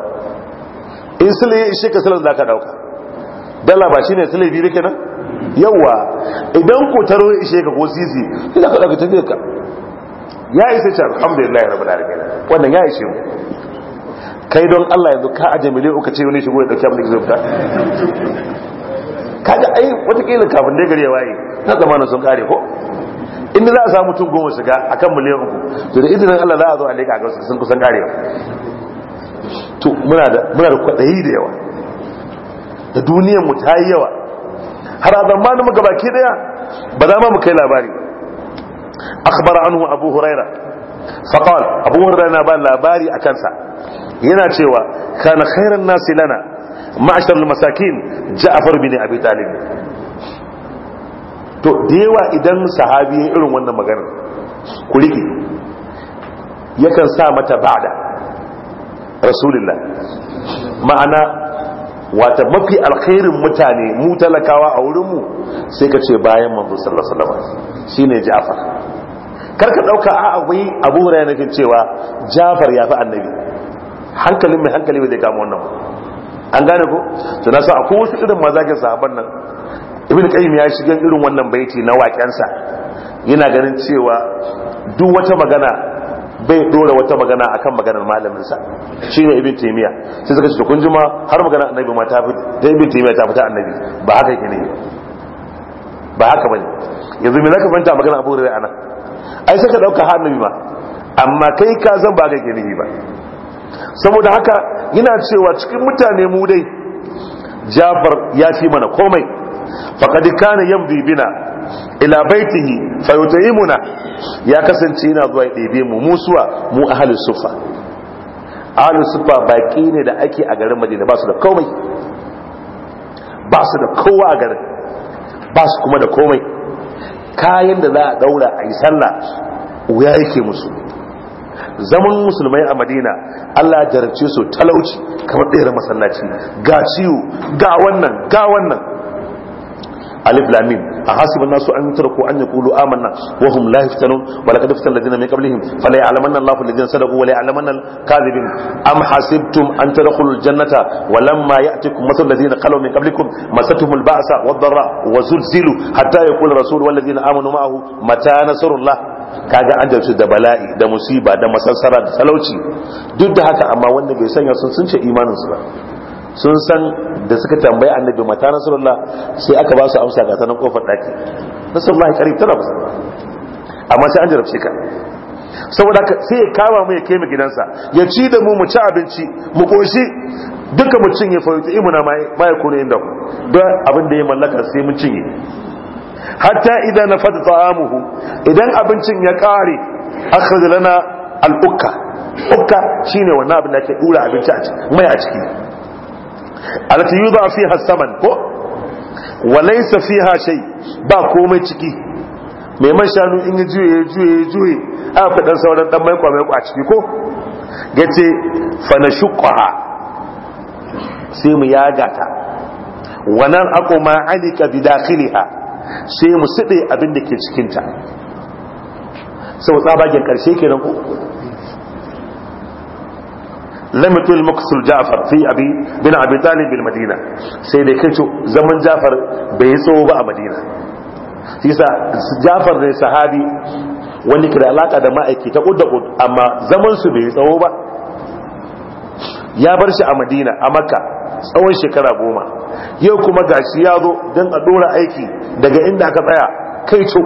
in sule ya ishe ka da za ka ɗauka dala ba shi ne sule biyu kenan yawa idan ko taro ishe ka ko sisi ina ka daga tafiya ka ya isa ce alhamdulillah ya rabin alamin wannan ya ishe mu kai don Allah yanzu ka aje miliyan uka ce wani shigo da dauki mun da ke zai fita kaga ai watakila kafin dai gari ya waye na zamana sun kare ko inda za a samu tun goma shiga a kan miliyan uku to da izinin allah za a zo a leka a gausa sun kusan kare to muna da kwaɗayi da yawa da duniyan mu ta yi yawa har a zamanin mu gabaki daya ba za mu kai labari akhbara anhu abu huraira faqal abu huraira na ba labari akan sa yana cewa kana khairan nasi lana ma'ashar masakin ja'far bin abi talib to da yawa idan sahabi irin wannan magana ku rike yakan sa mata ba'da rasulullah ma'ana wata mafi alkhairin mutane mu talakawa a wurin mu. sai ka ce bayan manzo sallallahu alaihi wasallam shine Ja'far karka dauka a abai Abu Hurairah cewa Ja'far yafi annabi hankalin mai hankali bai kama wannan an gane ko to na sa akwai wasu irin mazajin sahabban nan Ibn Qayyim ya shiga irin wannan baiti na waƙensa yana ganin cewa duk wata magana bai dora wata magana akan maganar malamin sa shine ibn taymiya sai suka ce kun jima har magana annabi ma ta fita da ibn taymiya ta fita annabi ba haka yake ne ba haka bane yanzu me zaka fanta magana abu rai anan ai sai ka dauka har annabi ma amma kai ka zan ba haka yake ne ba saboda haka yana cewa cikin mutane mu dai Jafar ya fi mana komai faqad kana yamdi bina ila baitihi fayutayimuna ya kasance yana zuwa ya ɗebe mu musuwa mu ahli sufa ahli sufa baki ne da ake a garin madina ba su da komai ba su da kowa a garin ba su kuma da komai kayan da za a daura a yi sallah wuya yake musu zaman musulmai a madina allah jarabce su talauci kamar ɗaya masallaci ga ciwo ga wannan ga wannan alif lam mim a hasiba nasu an yutraku an yaqulu amanna wa hum la yaftanun wa laqad fatanna alladhina min qablihim fala ya'lamanna Allahu alladhina sadaqu wa la ya'lamanna al-kadhibin am hasibtum an tadkhulu al-jannata wa lamma ya'tikum mathal alladhina qalu min qablikum masatuhum al-ba'sa wad-dharra wa zulzilu hatta yaqulu rasul wal ladhina amanu ma'ahu mata nasrullah kaga an jarsu da bala'i da musiba da masassara da talauci duk da haka amma wanda bai sanya sun sun ce imaninsu ba sun san da suka tambayi annabi mata rasulullah sai aka ba su amsa ga sanan kofar daki rasulullah karib tana musu amma sai an jarabce ka saboda sai ya kama mu ya kai mu gidansa ya ci da mu mu ci abinci mu koshi duka mu cinye fa yuti imuna mai bai kone inda ku don abin da ya mallaka sai mu cinye hatta idan na fata ta'amuhu idan abincin ya kare akhrij lana al-ukka ukka shine wannan abin da ke dura abinci a ciki mai a ciki alati yuza fi saman ko wa fiha shay ba komai ciki mai man shanu in ya juye juye juye a fi dan sauran dan maiko maiko a ciki ko Gace fa shukwa sai mu yaga ta wannan aquma alika bidakhiliha sai mu siɗe abin da ke cikin ta sau tsabagen karshe kenan ko lam maksul ja'far fi abi bin abi talib bil madina sai dai kace zaman ja'far bai yi tsawo ba a madina yasa ja'far ne sahabi wanda ke alaka da ma'aiki ta kudda amma zaman su bai tsawo ba ya bar shi a madina a makka tsawon shekara goma yau kuma gashi ya zo don a dora aiki daga inda aka tsaya kai co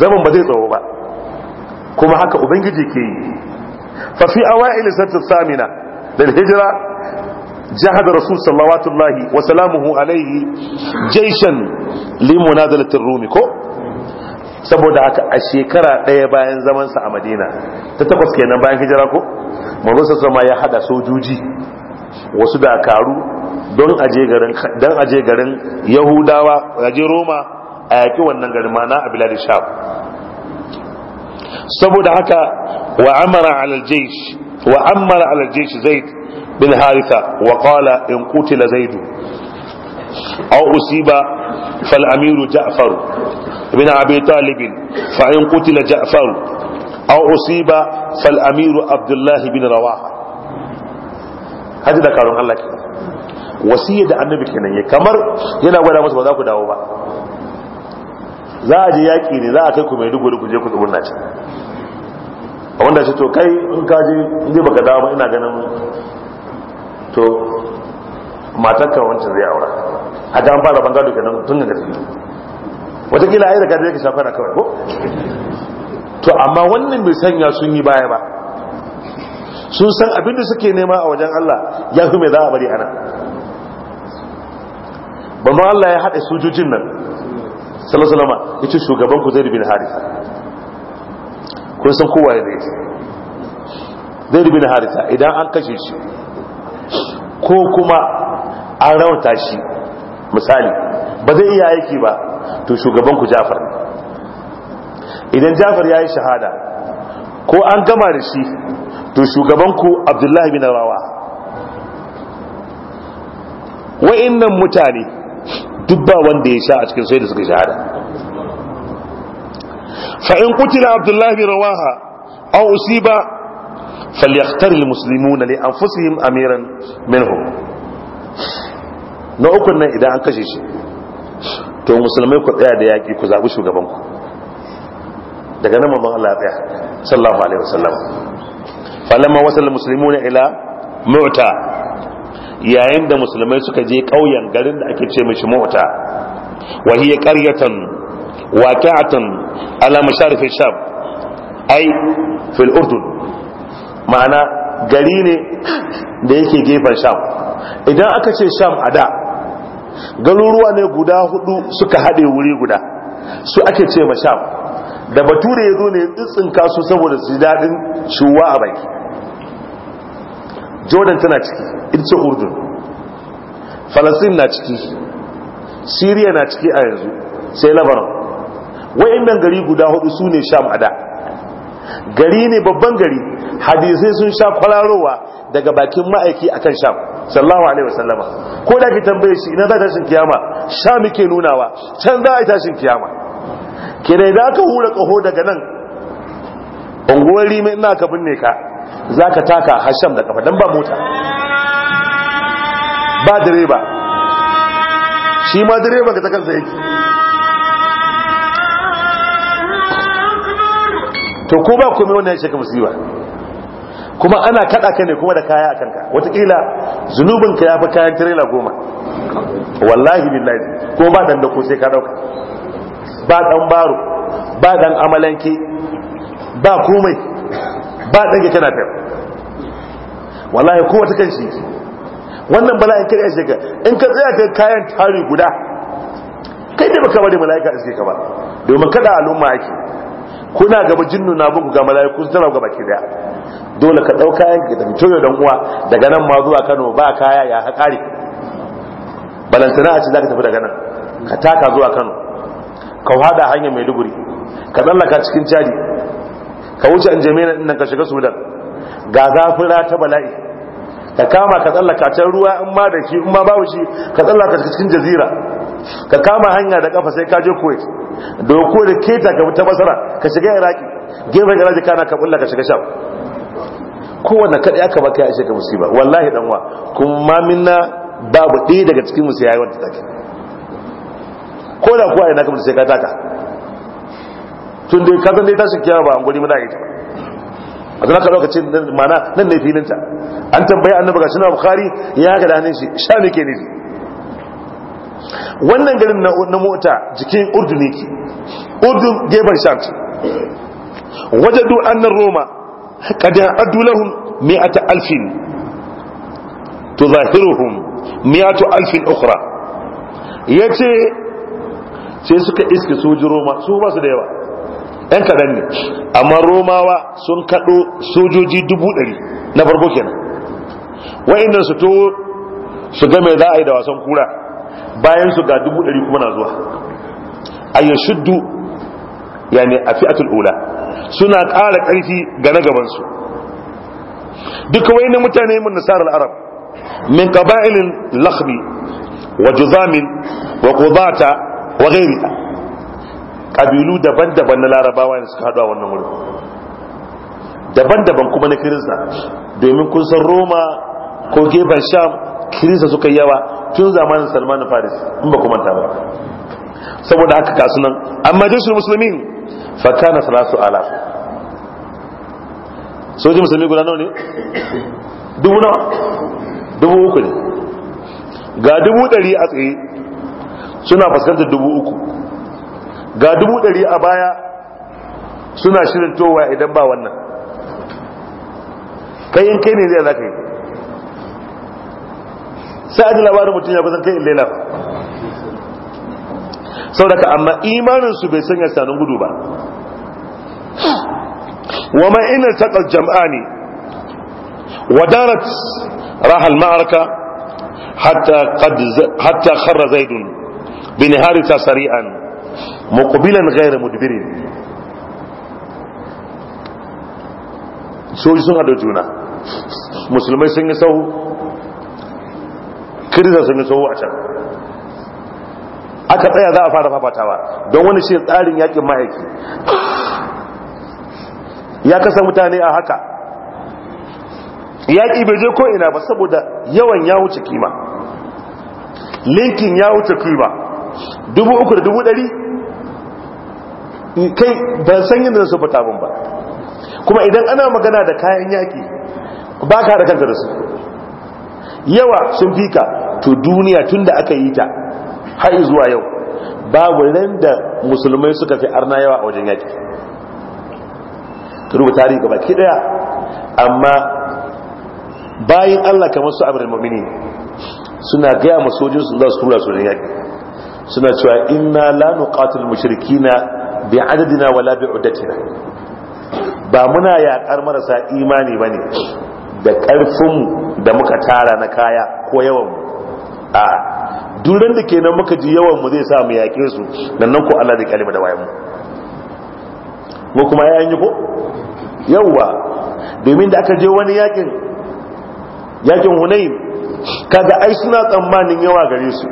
zaman ba zai tsawo ba kuma haka ubangiji ke yi fafi awa sattu samina lil hijra jahada rasul sallallahu wa salamuhu alaihi jayshan li munazalati rumi ko saboda haka a shekara ɗaya bayan zamansa a madina ta takwas kenan bayan hijira ko manzo sassama ya hada sojoji wasu karu don aje garin don aje garin yahudawa aje roma a yaki wannan garin mana a bilad shab saboda haka wa amara alal jaysh وعمر على الجيش زيد بن هارثة وقال إن قتل زيد أو أصيب فالأمير جعفر بن أبي طالب فإن قتل جعفر أو أصيب فالأمير عبد الله بن رواحة هذا ذكر الله كده wasiya da annabi kenan ya kamar yana gwada masa ba za ku dawo ba za a je yaƙi ne za a kai ku mai dugu ku je ku tsibirna ce a wanda ce to kai in ka ji, in zai baka dawo ina ganin to matar ka wancan zai aura a ga an fara bangado kenan tun daga ciki wataƙila ai da gari yake shafa na kawai ko to amma wannan bai sanya sun yi baya ba sun san abinda suke nema a wajen Allah ya fi mai za a bari ana ma Allah ya haɗe sojojin nan salasalama ya ce shugaban ku zai bin harisa kun san kowa ne zai zai na harita idan an kashe shi ko kuma an rauta shi misali ba zai iya aiki ba to shugaban ku jafar idan jafar ya yi shahada ko an gama da shi to shugaban ku abdullahi bin rawa nan mutane duk ba wanda ya sha a cikin sai da suka shahada fa'in kutila abdullahi rawaha an usiba falyaktaril musulmi na li'anfusihim amiran minhu na ukun nan idan an kashe shi to musulmai ku tsaya da yaƙi ku shugabanku daga nan mamman Allah tsaya sallallahu alaihi wasallam falamma wasal muslimuna ila mu'ta yayin da musulmai suka je ƙauyen garin da ake ce mishi mu'ta wa hiya qaryatan waqi'atan ala masharifin sham ai fil urdun ma'ana gari ne da yake gefen sham idan aka ce sham a da galuruwa ne guda hudu suka haɗe wuri guda su ake ce ma sham da bature ya zo ne tsitsin su saboda su daɗin shuwa a baki jordan tana ciki ita urdun falasin na ciki syria na ciki a yanzu sai Labaran. wayannan gari guda hudu su ne sham a da gari ne babban gari hadisai sun sha kwararowa daga bakin ma'aiki akan sham sallallahu alaihi wasallama ko da ki tambaye shi ina za tashin kiyama sham yake nunawa can za a yi tashin kiyama kire da ka hura kaho daga nan unguwar rimi ina ka binne ka zaka taka hasham da kafa dan ba mota ba direba shi ma direba ga takarsa yake to ko ba komai wannan ya ka musiba kuma ana kada ka ne kuma da kaya a kanka wataƙila zunubinka ya fi kayan tirela goma wallahi billahi ko ba dan da ko sai ka dauka ba dan baro ba dan amalanke ba komai ba dan ke tana tafi wallahi ko wata kan shi wannan bala'in kai ya shiga in ka tsaya kai kayan tari guda kai da baka bari mala'ika iske ka ba domin kada al'umma yake kuna gaba jinnu na bugu ga mala'iku sun tana gaba daya dole ka dauka yanka ka tafi dan uwa daga nan ma zuwa Kano ba kaya ya ha kare balantana a ce zaka tafi daga nan ka taka zuwa Kano ka hada hanyar Maiduguri ka tsallaka cikin cadi ka wuce Anjamena din nan ka shiga Sudan ga zafira ta bala'i ka kama ka tsallaka can ruwa in ma da shi in ma babu shi ka tsallaka cikin jazira ka kama hanya da kafa sai ka je kuwait da ko da keta ka ta basara ka shiga iraki da raji kana ka bulla ka shiga sham kowanne kada aka baka ya sheka musiba wallahi dan wa kuma minna babu ɗaya daga cikin musu yayi wanda take ko da kuwa ina kamar sai ka taka tun dai ka zan dai tashin kiyama ba an guri da ita ba a zana ka lokacin mana nan ne filinta an tambayi annabi ga sunan bukhari ya ga danin shi sha ne ke nufi wannan garin na mota jikin Urdu ne yake Urdu gefen sham ce wajadu annar roma kada adulahum mi'ata alfin to tuzahiruhum mi'atu alfin ukhra yace sai suka iske soji roma su ba su da yawa yan kaɗan ne amma romawa sun kaɗo sojoji dubu ɗari na farko kenan wa'inda su to su game mai za a yi da wasan kura bayan su ga dubu ɗari kuma na zuwa a ya shuddu yani a fi'atul ula suna ƙara ƙarfi ga na gabansu duka wai na mutane mun nasarar arab min qaba'ilin lakhmi wa juzamin wa qudata wa ghayriha Kabilu daban-daban na larabawa ne suka haɗu a wannan wurin daban-daban kuma na kirista domin kun san roma ko gefen sham kirista suka yawa tun zamanin salman faris in ba kuma ta ba saboda haka kasu nan amma jinsu musulmi fata na salatu ala sojin musulmi guda nawa ne dubu nawa dubu uku ne ga dubu ɗari a tsaye suna fuskantar dubu uku ga dubu ɗari a baya suna shirin towa idan ba wannan kai in kai ne zai za ka yi sai aji labarin mutum ya kusan kai in laila sau daga amma imaninsu bai sanya sanin gudu ba wa mai ina taƙal jama'a ne wadarat rahal ma'arka hatta kharra zaidun bin harita sari'an muqbilan ghairu mudbirin soji sun hada juna musulmai sun yi sahu kirista sun yi sahu a can aka tsaya za a fara fafatawa don wani shi tsarin yakin mahaifi ya kasa mutane a haka yaƙi bai je ko'ina ba saboda yawan ya wuce kima linkin ya wuce kima dubu uku da dubu ɗari kai ban san yadda su fita min ba kuma idan ana magana da kayan yaki ba ka da kanka da su yawa sun fi ka to duniya tun da aka yi ta har zuwa yau babu nan da musulmai suka fi arna yawa a wajen yaki ka tarihi gaba baki daya amma bayan Allah kamar su abin mu'mini suna gaya masojin su za su tura su wajen yaki suna cewa inna la nuqatil mushrikina bi adadina wala bi uddatina ba muna yaƙar marasa imani bane da ƙarfinmu da muka tara na kaya ko yawanmu a duran da kenan muka ji yawanmu zai sa mu yaƙe su nan nan ko Allah zai kalima da wayanmu mu kuma ya yi ko yawa domin da aka je wani yakin yakin hunayin kaga ai suna tsammanin yawa gare su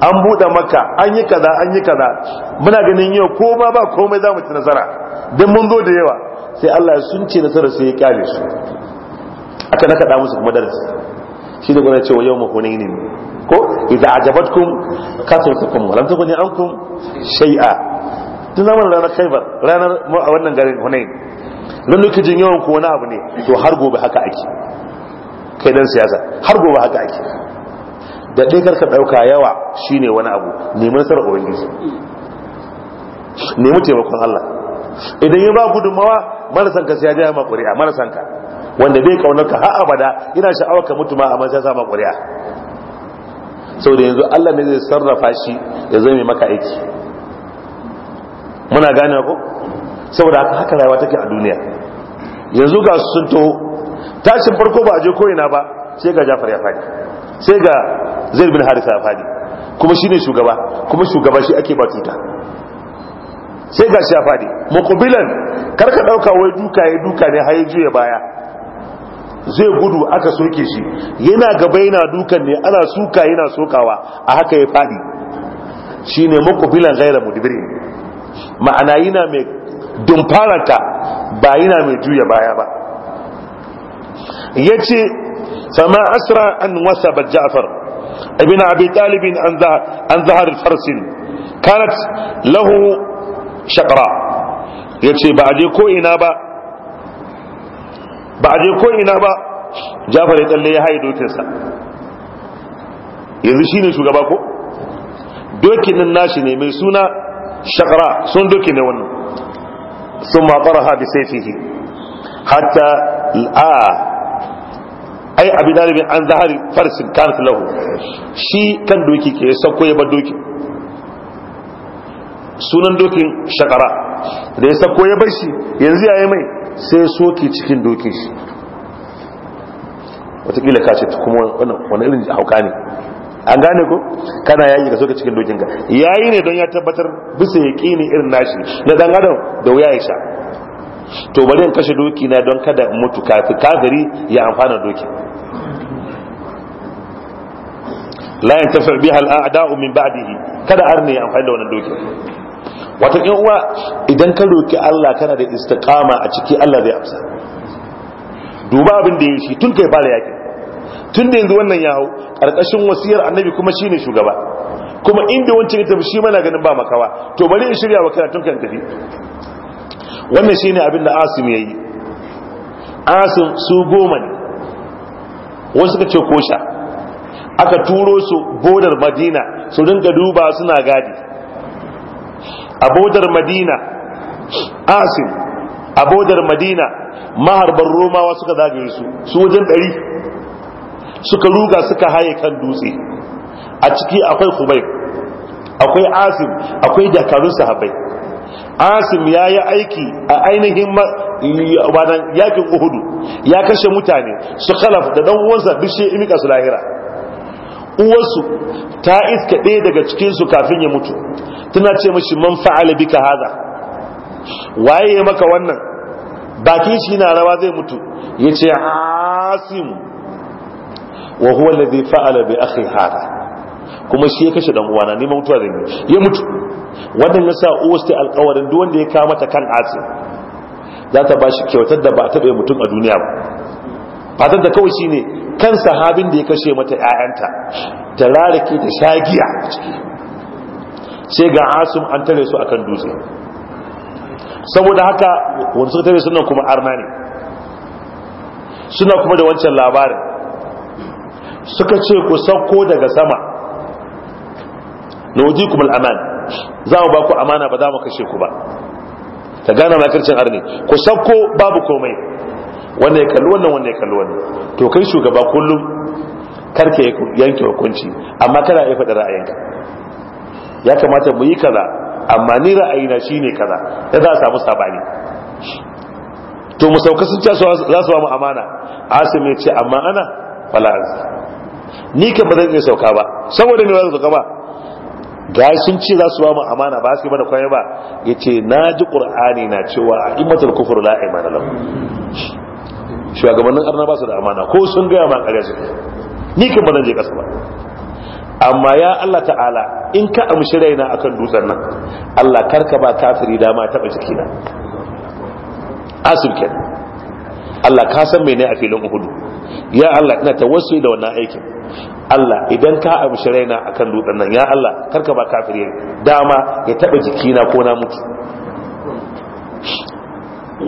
an buɗe maka an yi kaza an yi kaza muna ganin yau ko ba ba komai za mu ci nasara don mun zo da yawa sai Allah sun ce nasara sai ya kyale su aka naka da musu kuma darasi shi da gwamnati cewa yau mako ne ko idan ajabatkum kasarsukum walam an ankum shay'a tun zamanin ranar kaibar ranar a wannan garin hunain don lokacin yawan ko wani abu ne to har gobe haka ake kai dan siyasa har gobe haka ake da ɗai karka ɗauka yawa shine wani abu neman sarar ubangiji nemi taimakon Allah idan ya ba gudunmawa marasan ka sai ya jaya marasan ka wanda bai kaunar ka har abada ina sha'awar ka mutu ma amma sai sa maƙuri'a. Sau da yanzu Allah ne zai sarrafa shi ya zai mai maka aiki muna gane ko saboda haka haka rayuwa take a duniya yanzu ga sun taho tashin farko ba a je ko ba sai ga Jafar ya faɗi sai ga zai bin harisa fadi kuma shi ne shugaba kuma shugaba shi ake batuta sai ga shi ya fadi makubilan karka ɗauka wai duka ya duka ne har juya baya zai gudu aka soke shi yana gaba yana dukan ne ana suka yana sokawa a haka ya fadi ne makubilan gaira mudbirin ma'ana yana mai dumfaranta ba yana mai juya baya ba yace sama asira an wasa ja'far ابن abin طالب عن ظهر فرس كانت له شقراء yace ba ba a je ko ina ba jafar ya tsalle ya haye dokinsa yanzu shine shugaba ko dokin nashi ne mai suna shakara sun doki ne wannan sun hatta ai abi dalibin an zahari farsin kanat lahu shi kan doki ke sako ya bar doki sunan dokin shakara da ya sako ya bar shi yanzu yayi mai sai soki cikin dokin shi watakila ka ce kuma wani irin hauka ne an gane ko kana yayi ka soka cikin dokin ka yayi ne don ya tabbatar bisa yaqini irin nashi na dan adam da wuya ya sha to bari in kashe doki na don kada mutu kafi kafiri ya amfana doki. la yantafi biha al'a'da'u min ba'dihi kada arne ya amfani da wannan dokin wato in uwa idan ka roki Allah kana da istiqama a ciki Allah zai amsa duba abin da yake tun kai fara yaki tun da yanzu wannan ya hau karkashin wasiyar annabi kuma shine shugaba kuma inda wancan ya tafi shi mana ganin ba makawa to bari in shirya wa kana tun kan tafi wannan shine abin da Asim yayi Asim su goma ne wasu ka ce kosha aka turo su bodar madina su dinga duba suna gadi a bodar madina asim a bodar madina maharban romawa suka zagaye su su wajen ɗari suka ruga suka haye kan dutse a ciki akwai kubai akwai asim akwai dakarun sahabai asim ya yi aiki a ainihin yakin uhudu ya kashe mutane su khalaf da ɗan uwansa bishe imika su lahira uwarsu ta iska ɗaya daga cikinsu kafin ya mutu tana ce mashi man fa'ala bika haza waye ya maka wannan bakin shi na rawa zai mutu ya ce hasimu. wa huwa zai fa'ala bi akhi hada kuma shi ya kashe dan uwana ne mutuwa zai ya mutu wannan yasa su ta alkawarin duk wanda ya kama mata kan asin za ta bashi kyautar da ba ta bai mutum a duniya ba fatar da kawai shi ne. kan sahabin da ya kashe mata yayanta ta rarake ta shagiya sai ga asim an tare su akan dutse saboda haka wani suka tare suna kuma arna ne suna kuma da wancan labarin suka ce ku sauko daga sama na waje kuma al'aman za mu ba ku amana ba za mu kashe ku ba ta gana makarcin arni ku sauko babu komai wannan ya kalli wannan wanda ya kalli wannan to kai shugaba kullum karka yanke hukunci amma kana iya faɗi ra'ayinka ya kamata mu yi kaza amma ni ra'ayina shine kaza da za a samu sabani to mu sauka sun ce za su ba mu amana asim ya ce amma ana wala ni kan ba zan iya sauka ba saboda ni ba zan sauka ba ga sun ce za su ba mu amana ba su yi mana kwaye ba ya ce na ji ƙur'ani na cewa a imatar kufur la imana shugabannin arna ba su da amana ko sun gaya ma ƙarya su ni kan ba je ƙasa ba amma ya Allah ta'ala in ka amshi raina akan dutsen nan Allah karka ba kafiri dama taɓa jikina asir kenan Allah ka san mene a filin uhudu ya Allah ina tawassuli da wannan aikin Allah idan ka amshi raina akan dutsen nan ya Allah karka ba kafiri dama ya taba jikina ko na mutu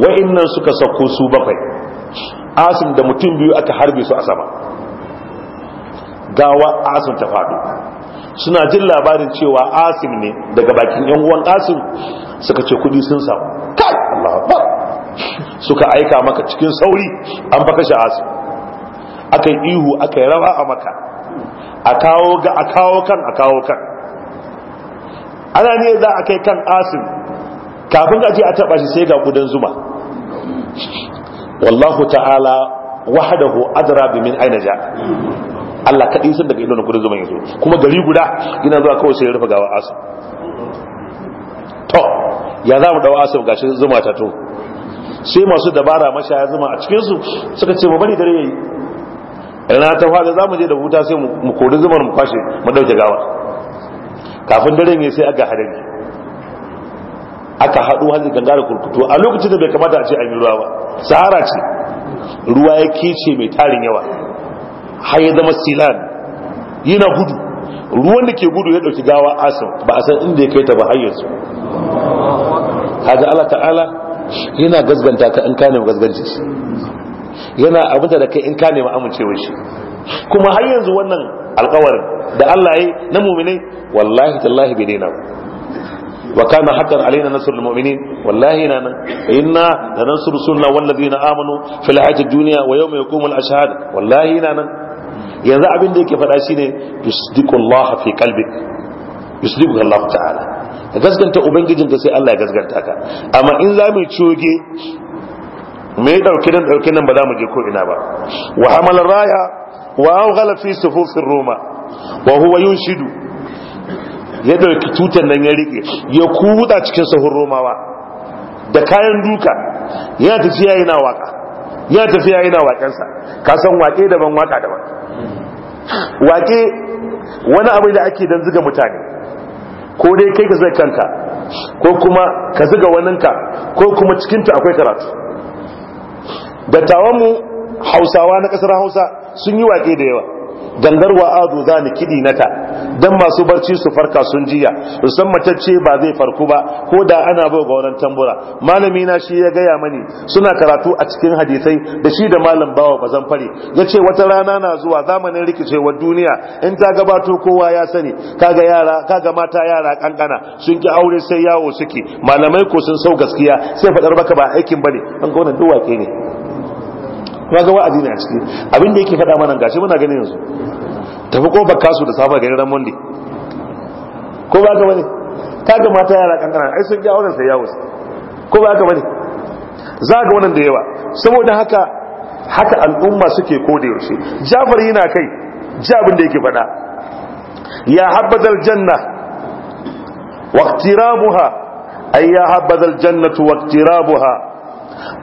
wa'annan suka sako su bakwai asim da mutum biyu aka harbe su a sama gawa asim ta faɗo suna jin labarin cewa asim ne daga bakin yan uwan asim suka ce kudi sun samu kai Allah akbar suka aika maka cikin sauri an baka kashe asim aka ihu aka yi rawa a maka a kawo ga a kawo kan a kawo kan ana ne za a kai kan asim kafin ka je a taba shi sai ga gudan zuma wallahu ta'ala wahdahu adra bi min aina ja Allah kadai san daga idon gurin zaman yazo kuma gari guda ina zuwa kawai sai ya rufe gawa asu to ya za mu dawo asu gashi zuma ta to sai masu dabara ya zuma a cikin su suka ce mu bari dare yayi Ina ta fada za mu je da huta sai mu kori zuma mu kwashe mu dauke gawa kafin dare ne sai aka hadari aka haɗu hanzin gangara kurkutu a lokacin da bai kamata a ce an yi ruwa ba sahara ce ruwa ya kece mai tarin yawa har ya zama silan yana gudu ruwan da ke gudu ya ɗauki gawa asan ba a san inda ya kai ta ba har yanzu kaga Allah ta'ala yana gasganta ka in ka nemi gasganci yana abinta da kai in ka nemi amincewa shi kuma har yanzu wannan alkawarin da Allah ya yi na muminai wallahi tallahi bai daina ba wa kana haqqan alaina nasrul mu'minin wallahi na nan inna lanansur sunna wal ladina amanu fil hayati dunya wa yawma yaqumul ashhad wallahi na nan yanzu abin da yake faɗa shine yusdiqullaha fi qalbik yusdiquka Allah ta'ala ka gaskanta ubangijinka sai Allah ya gaskanta ka amma in za mu coge me ya dauke nan dauke nan ba za mu je ko ina ba wa hamalar raya wa an ghala fi sufufin roma wa huwa yunshidu ya dauki tutar nan ya rike ya kubuta cikin sahun romawa da kayan duka ya tafiya yana waka ya tafiya yana wakensa ka san wake daban waka daban wake wani abu da ake don zuga mutane ko dai kai ka zai kanka ko kuma ka zuga waninka ko kuma cikinta akwai karatu dattawanmu hausawa na ƙasar hausa sun yi wake da yawa gangar wa adu za ni kidi nata dan masu barci su farka sun jiya san matacce ba zai farku ba ko da ana ga wurin tambura malami na shi ya gaya mani suna karatu a cikin hadisai da shi da malam bawa bazan fare yace wata rana na zuwa zamanin rikicewar duniya in ta gabato kowa ya sani kaga yara kaga mata yara kankana sun ki aure sai yawo suke malamai ko sun sau gaskiya sai faɗar baka ba aikin bane an ga wannan ke ne ga wa'azi ne a ciki abin da yake faɗa mana gashi muna ganin yanzu tafi ko bakka su da safa garin ran monday ko ba ka bane ga mata yara kankana ai sun ji auren sai yawo ko ba ka bane za ga wannan da yawa saboda haka haka al'umma suke ko da yaushe jafar yana kai ji abin da yake faɗa ya habbadal janna wa ay ya habbadal jannatu wa iqtirabuha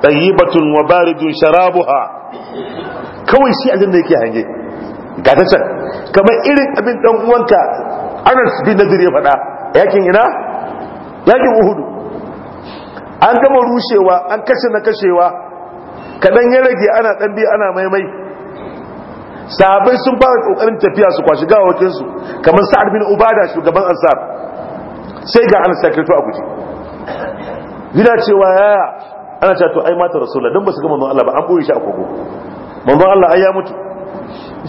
tayyibatun wa baridun sharabuha kawai shi a aljanna yake hange ga ta can kamar irin abin dan uwanka Anas bin Nadir ya faɗa yakin ina yakin Uhud an gama rushewa an kashe na kashewa kadan ya rage ana dan bi ana maimai sahabbai sun fara kokarin tafiya su kwashi gawawakin su kamar Sa'ad bin Ubada shugaban Ansar sai ga Anas ya a guje yana cewa yaya ana cewa to ai mata rasulullah dan ba su ga manzon Allah ba an bure shi a kogo manzon Allah ai ya mutu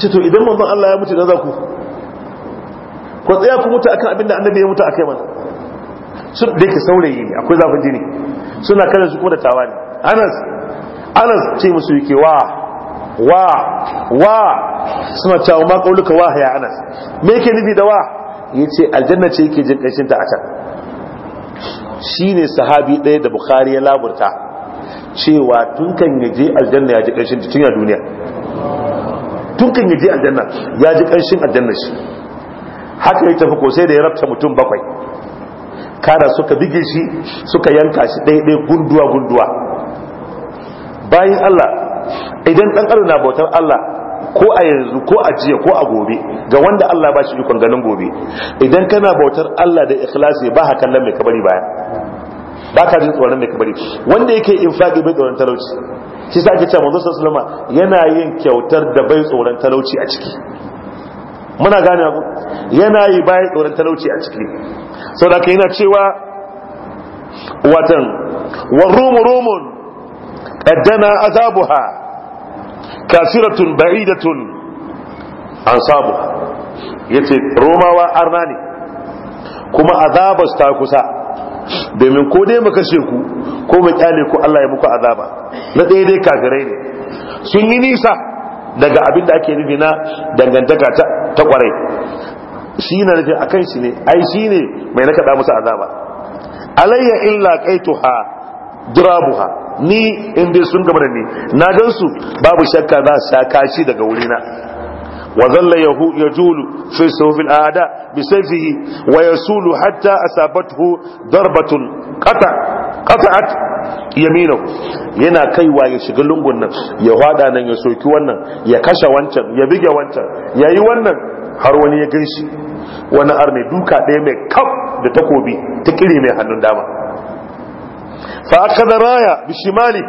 ce to idan manzon Allah ya mutu dan za ku ku tsaya ku mutu akan abinda annabi ya mutu akai mana su da yake saurayi ne akwai zafin jini suna kallon su kuma da tawani Anas Anas ce musu yake wa wa wa suna cewa ma kauluka wa ya Anas me yake nufi da wa yace aljanna ce yake jin kashin ta a can shine sahabi ɗaya da Bukhari ya laburta cewa tun kan yaje aljanna ya ji ƙarshen tun ya duniya tun kan yaje aljanna ya ji ƙarshen aljanna shi haka ya tafi ko sai da ya rabta mutum bakwai kada suka bige shi suka yanka shi ɗaiɗai gunduwa gunduwa bayan Allah idan ɗan ƙarfi na bautar Allah ko a yanzu ko a jiya ko a gobe ga wanda Allah ba shi ikon ganin gobe idan kana bautar Allah da ikhlasi ba hakan nan mai kabari baya ba ka jin tsoron ka bari. wanda yake infaki bai tsoron talauci shi sa ake cewa manzo sallallahu yana yin kyautar da bai tsoron talauci a ciki muna gane ku yana yi bai tsoron talauci a ciki Sau saboda yi yana cewa watan wa rumu rumun qaddana azabuha kasiratun ba'idatun ansabu yace romawa arna ne kuma azabas ta kusa domin ko dai mu kashe ku ko mu kyale ku Allah ya muku azaba na ɗaya dai kafirai ne sun yi nisa daga abin da ake nufi na dangantaka ta kwarai shi na nufin akan shi ne ai shi ne mai na kaɗa musu azaba alayya illa qaituha durabuha ni in dai sun gaba da ni na gansu babu shakka za a sha kashi daga wurina وظل يجول في صفوف الأعداء بسيفه ويسول حتى أسابته ضربة قطع قطعت yaminu yana kaiwa ya shiga lungun nan ya fada nan ya soki wannan ya kashe wancan ya bige wancan yayi wannan har wani ya ganshi wani arne duka ɗaya mai kaf da takobi ta kire mai hannun dama fa aka da raya bishimali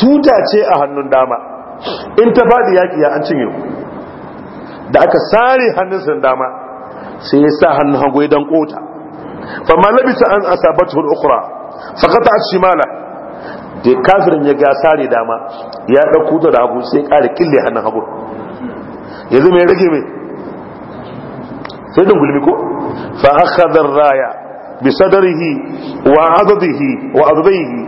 tuta ce a hannun dama in ta faɗi yaƙi ya an cinye da aka sare hannunsa da dama sai ya sa hannun hagu ya dan kota famma labisa an asabatu al-ukhra faqata'at shimala da kafirin ya ga sare dama ya dauko ta da hagu sai kare kille hannun hagu yanzu mai rage mai sai dan gulmi ko fa akhadha ar-raya bi sadrihi wa adadihi wa adadihi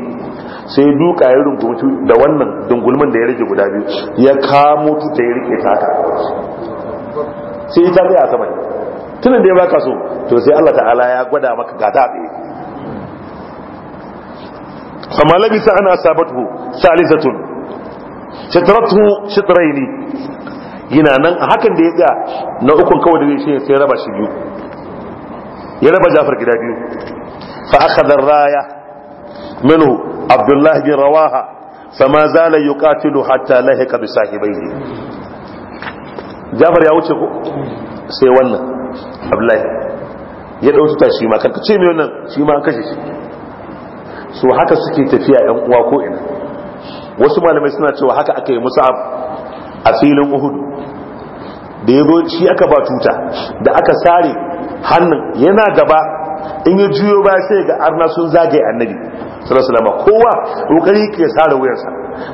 sai duka ya rungumtu da wannan dungulman da ya rage guda biyu ya kamo ta ya rike ta sai ita zai a saman tunan da ya baka so to sai Allah ta'ala ya gwada maka gata a ɗaya amma labisa ana sabatu salisatun shatarai ne, yana nan a hakan da ya tsaya na ukun kawai da zai shi sai raba shi biyu ya raba Jafar gida biyu fa akhadha raya minhu Abdullah bin Rawaha fama zala katilu hatta lahi bi sahibai jafar ya wuce ko sai wannan abdullahi ya ɗauki ta shi ma karka ce mai wannan shi ma kashe shi so haka suke tafiya yan uwa ko ina wasu malamai suna cewa haka aka yi musa'ab a filin uhud da ya shi aka ba tuta da aka sare hannun yana gaba in ya juyo ba sai ga arna sun zagaye annabi sallallahu alaihi wasallam kowa kokari ke sare wuyarsa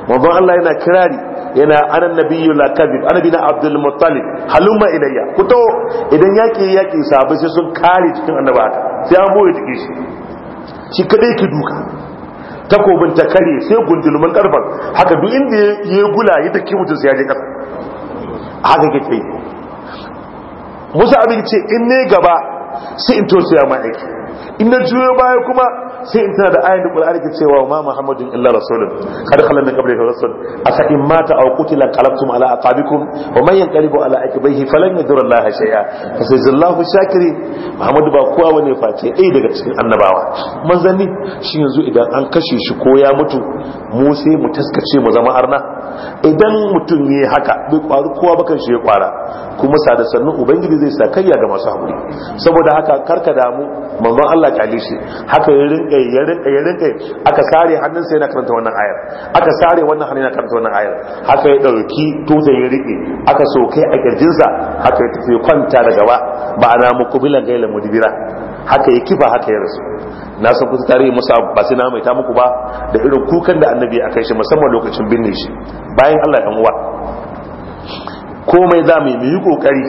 manzon Allah yana kirari yana anan nabiyyu la kadhib annabi na abdul muttalib halumma ilayya kuto idan yake yaki sabai sai sun kare cikin annabi haka sai an boye jiki shi shi kadai ki duka takobin ta kare sai gundulman karfan haka duk inda ya gula ya take mutun sai ya je kasa haka ke tsaye musa abin ce in ne gaba sai in to sai ma aiki in na juyo baya kuma sai in tana da ayin da qur'ani ke cewa ma Muhammadin illa rasulun qad kala min qablihi rasul asa in mata aw qutila qalabtum ala aqabikum wa man yanqalibu ala aqibihi falan yadurra allaha shay'a fasajjallahu shakiri muhammadu ba kowa wani face ai daga cikin annabawa manzanni shi yanzu idan an kashe shi ko ya mutu mu sai mu taskace mu zama arna idan mutum ne haka bai kwaru kowa bakan shi ya kwara kuma sa da ubangiji zai sa kayya ga masu haƙuri saboda haka karka damu manzon Allah kalishi haka ya rinka rinka ya rinka ya rinka aka sare hannunsa yana karanta wannan ayar aka sare wannan hannun yana karanta wannan ayar haka ya dauki tuta ya rike aka soke a kirjinsa haka ya tafi kwanta da gaba ma'ana mukubilan mu dibira haka ya kifa haka ya rasu na san kusa tarihi musa ba sai na ta muku ba da irin kukan da annabi a kai shi musamman lokacin binne shi bayan allah ya uwa komai za mu yi kokari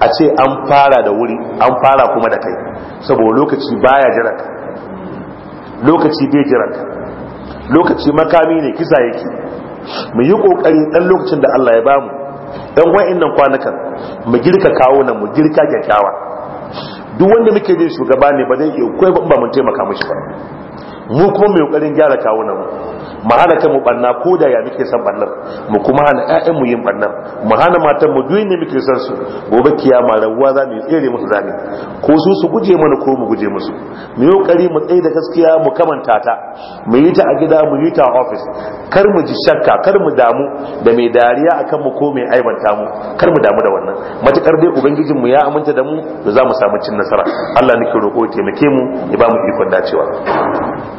a ce an fara da wuri an fara kuma da kai saboda lokaci baya jira lokaci bai jira lokaci makami ne kisa yake mu yi kokari dan lokacin da Allah ya bamu dan wa'annan kwanakan mu girka kawo nan mu girka kyakkyawa duk wanda muke jin shugaba ne ba zai iya koyi ba mun taimaka mishi ba mu kuma mai kokarin gyara kawo nan mu hana ta mu banna ko da ya muke san bannan mu kuma hana ƴaƴan mu yin bannan mu hana matan mu duk ne muke san su gobe kiyama rawwa za mu tsere musu zane ko su su guje mana ko mu guje musu mu yi kokari mu tsaye da gaskiya mu kamanta ta mu yi ta a gida mu yi ta a office kar mu ji shakka kar mu damu da mai dariya akan mu ko mai aibanta mu kar mu damu da wannan matakar dai ubangijinmu ya aminta da mu da za mu samu cin nasara Allah nake roƙo ya taimake mu ya ba mu ikon dacewa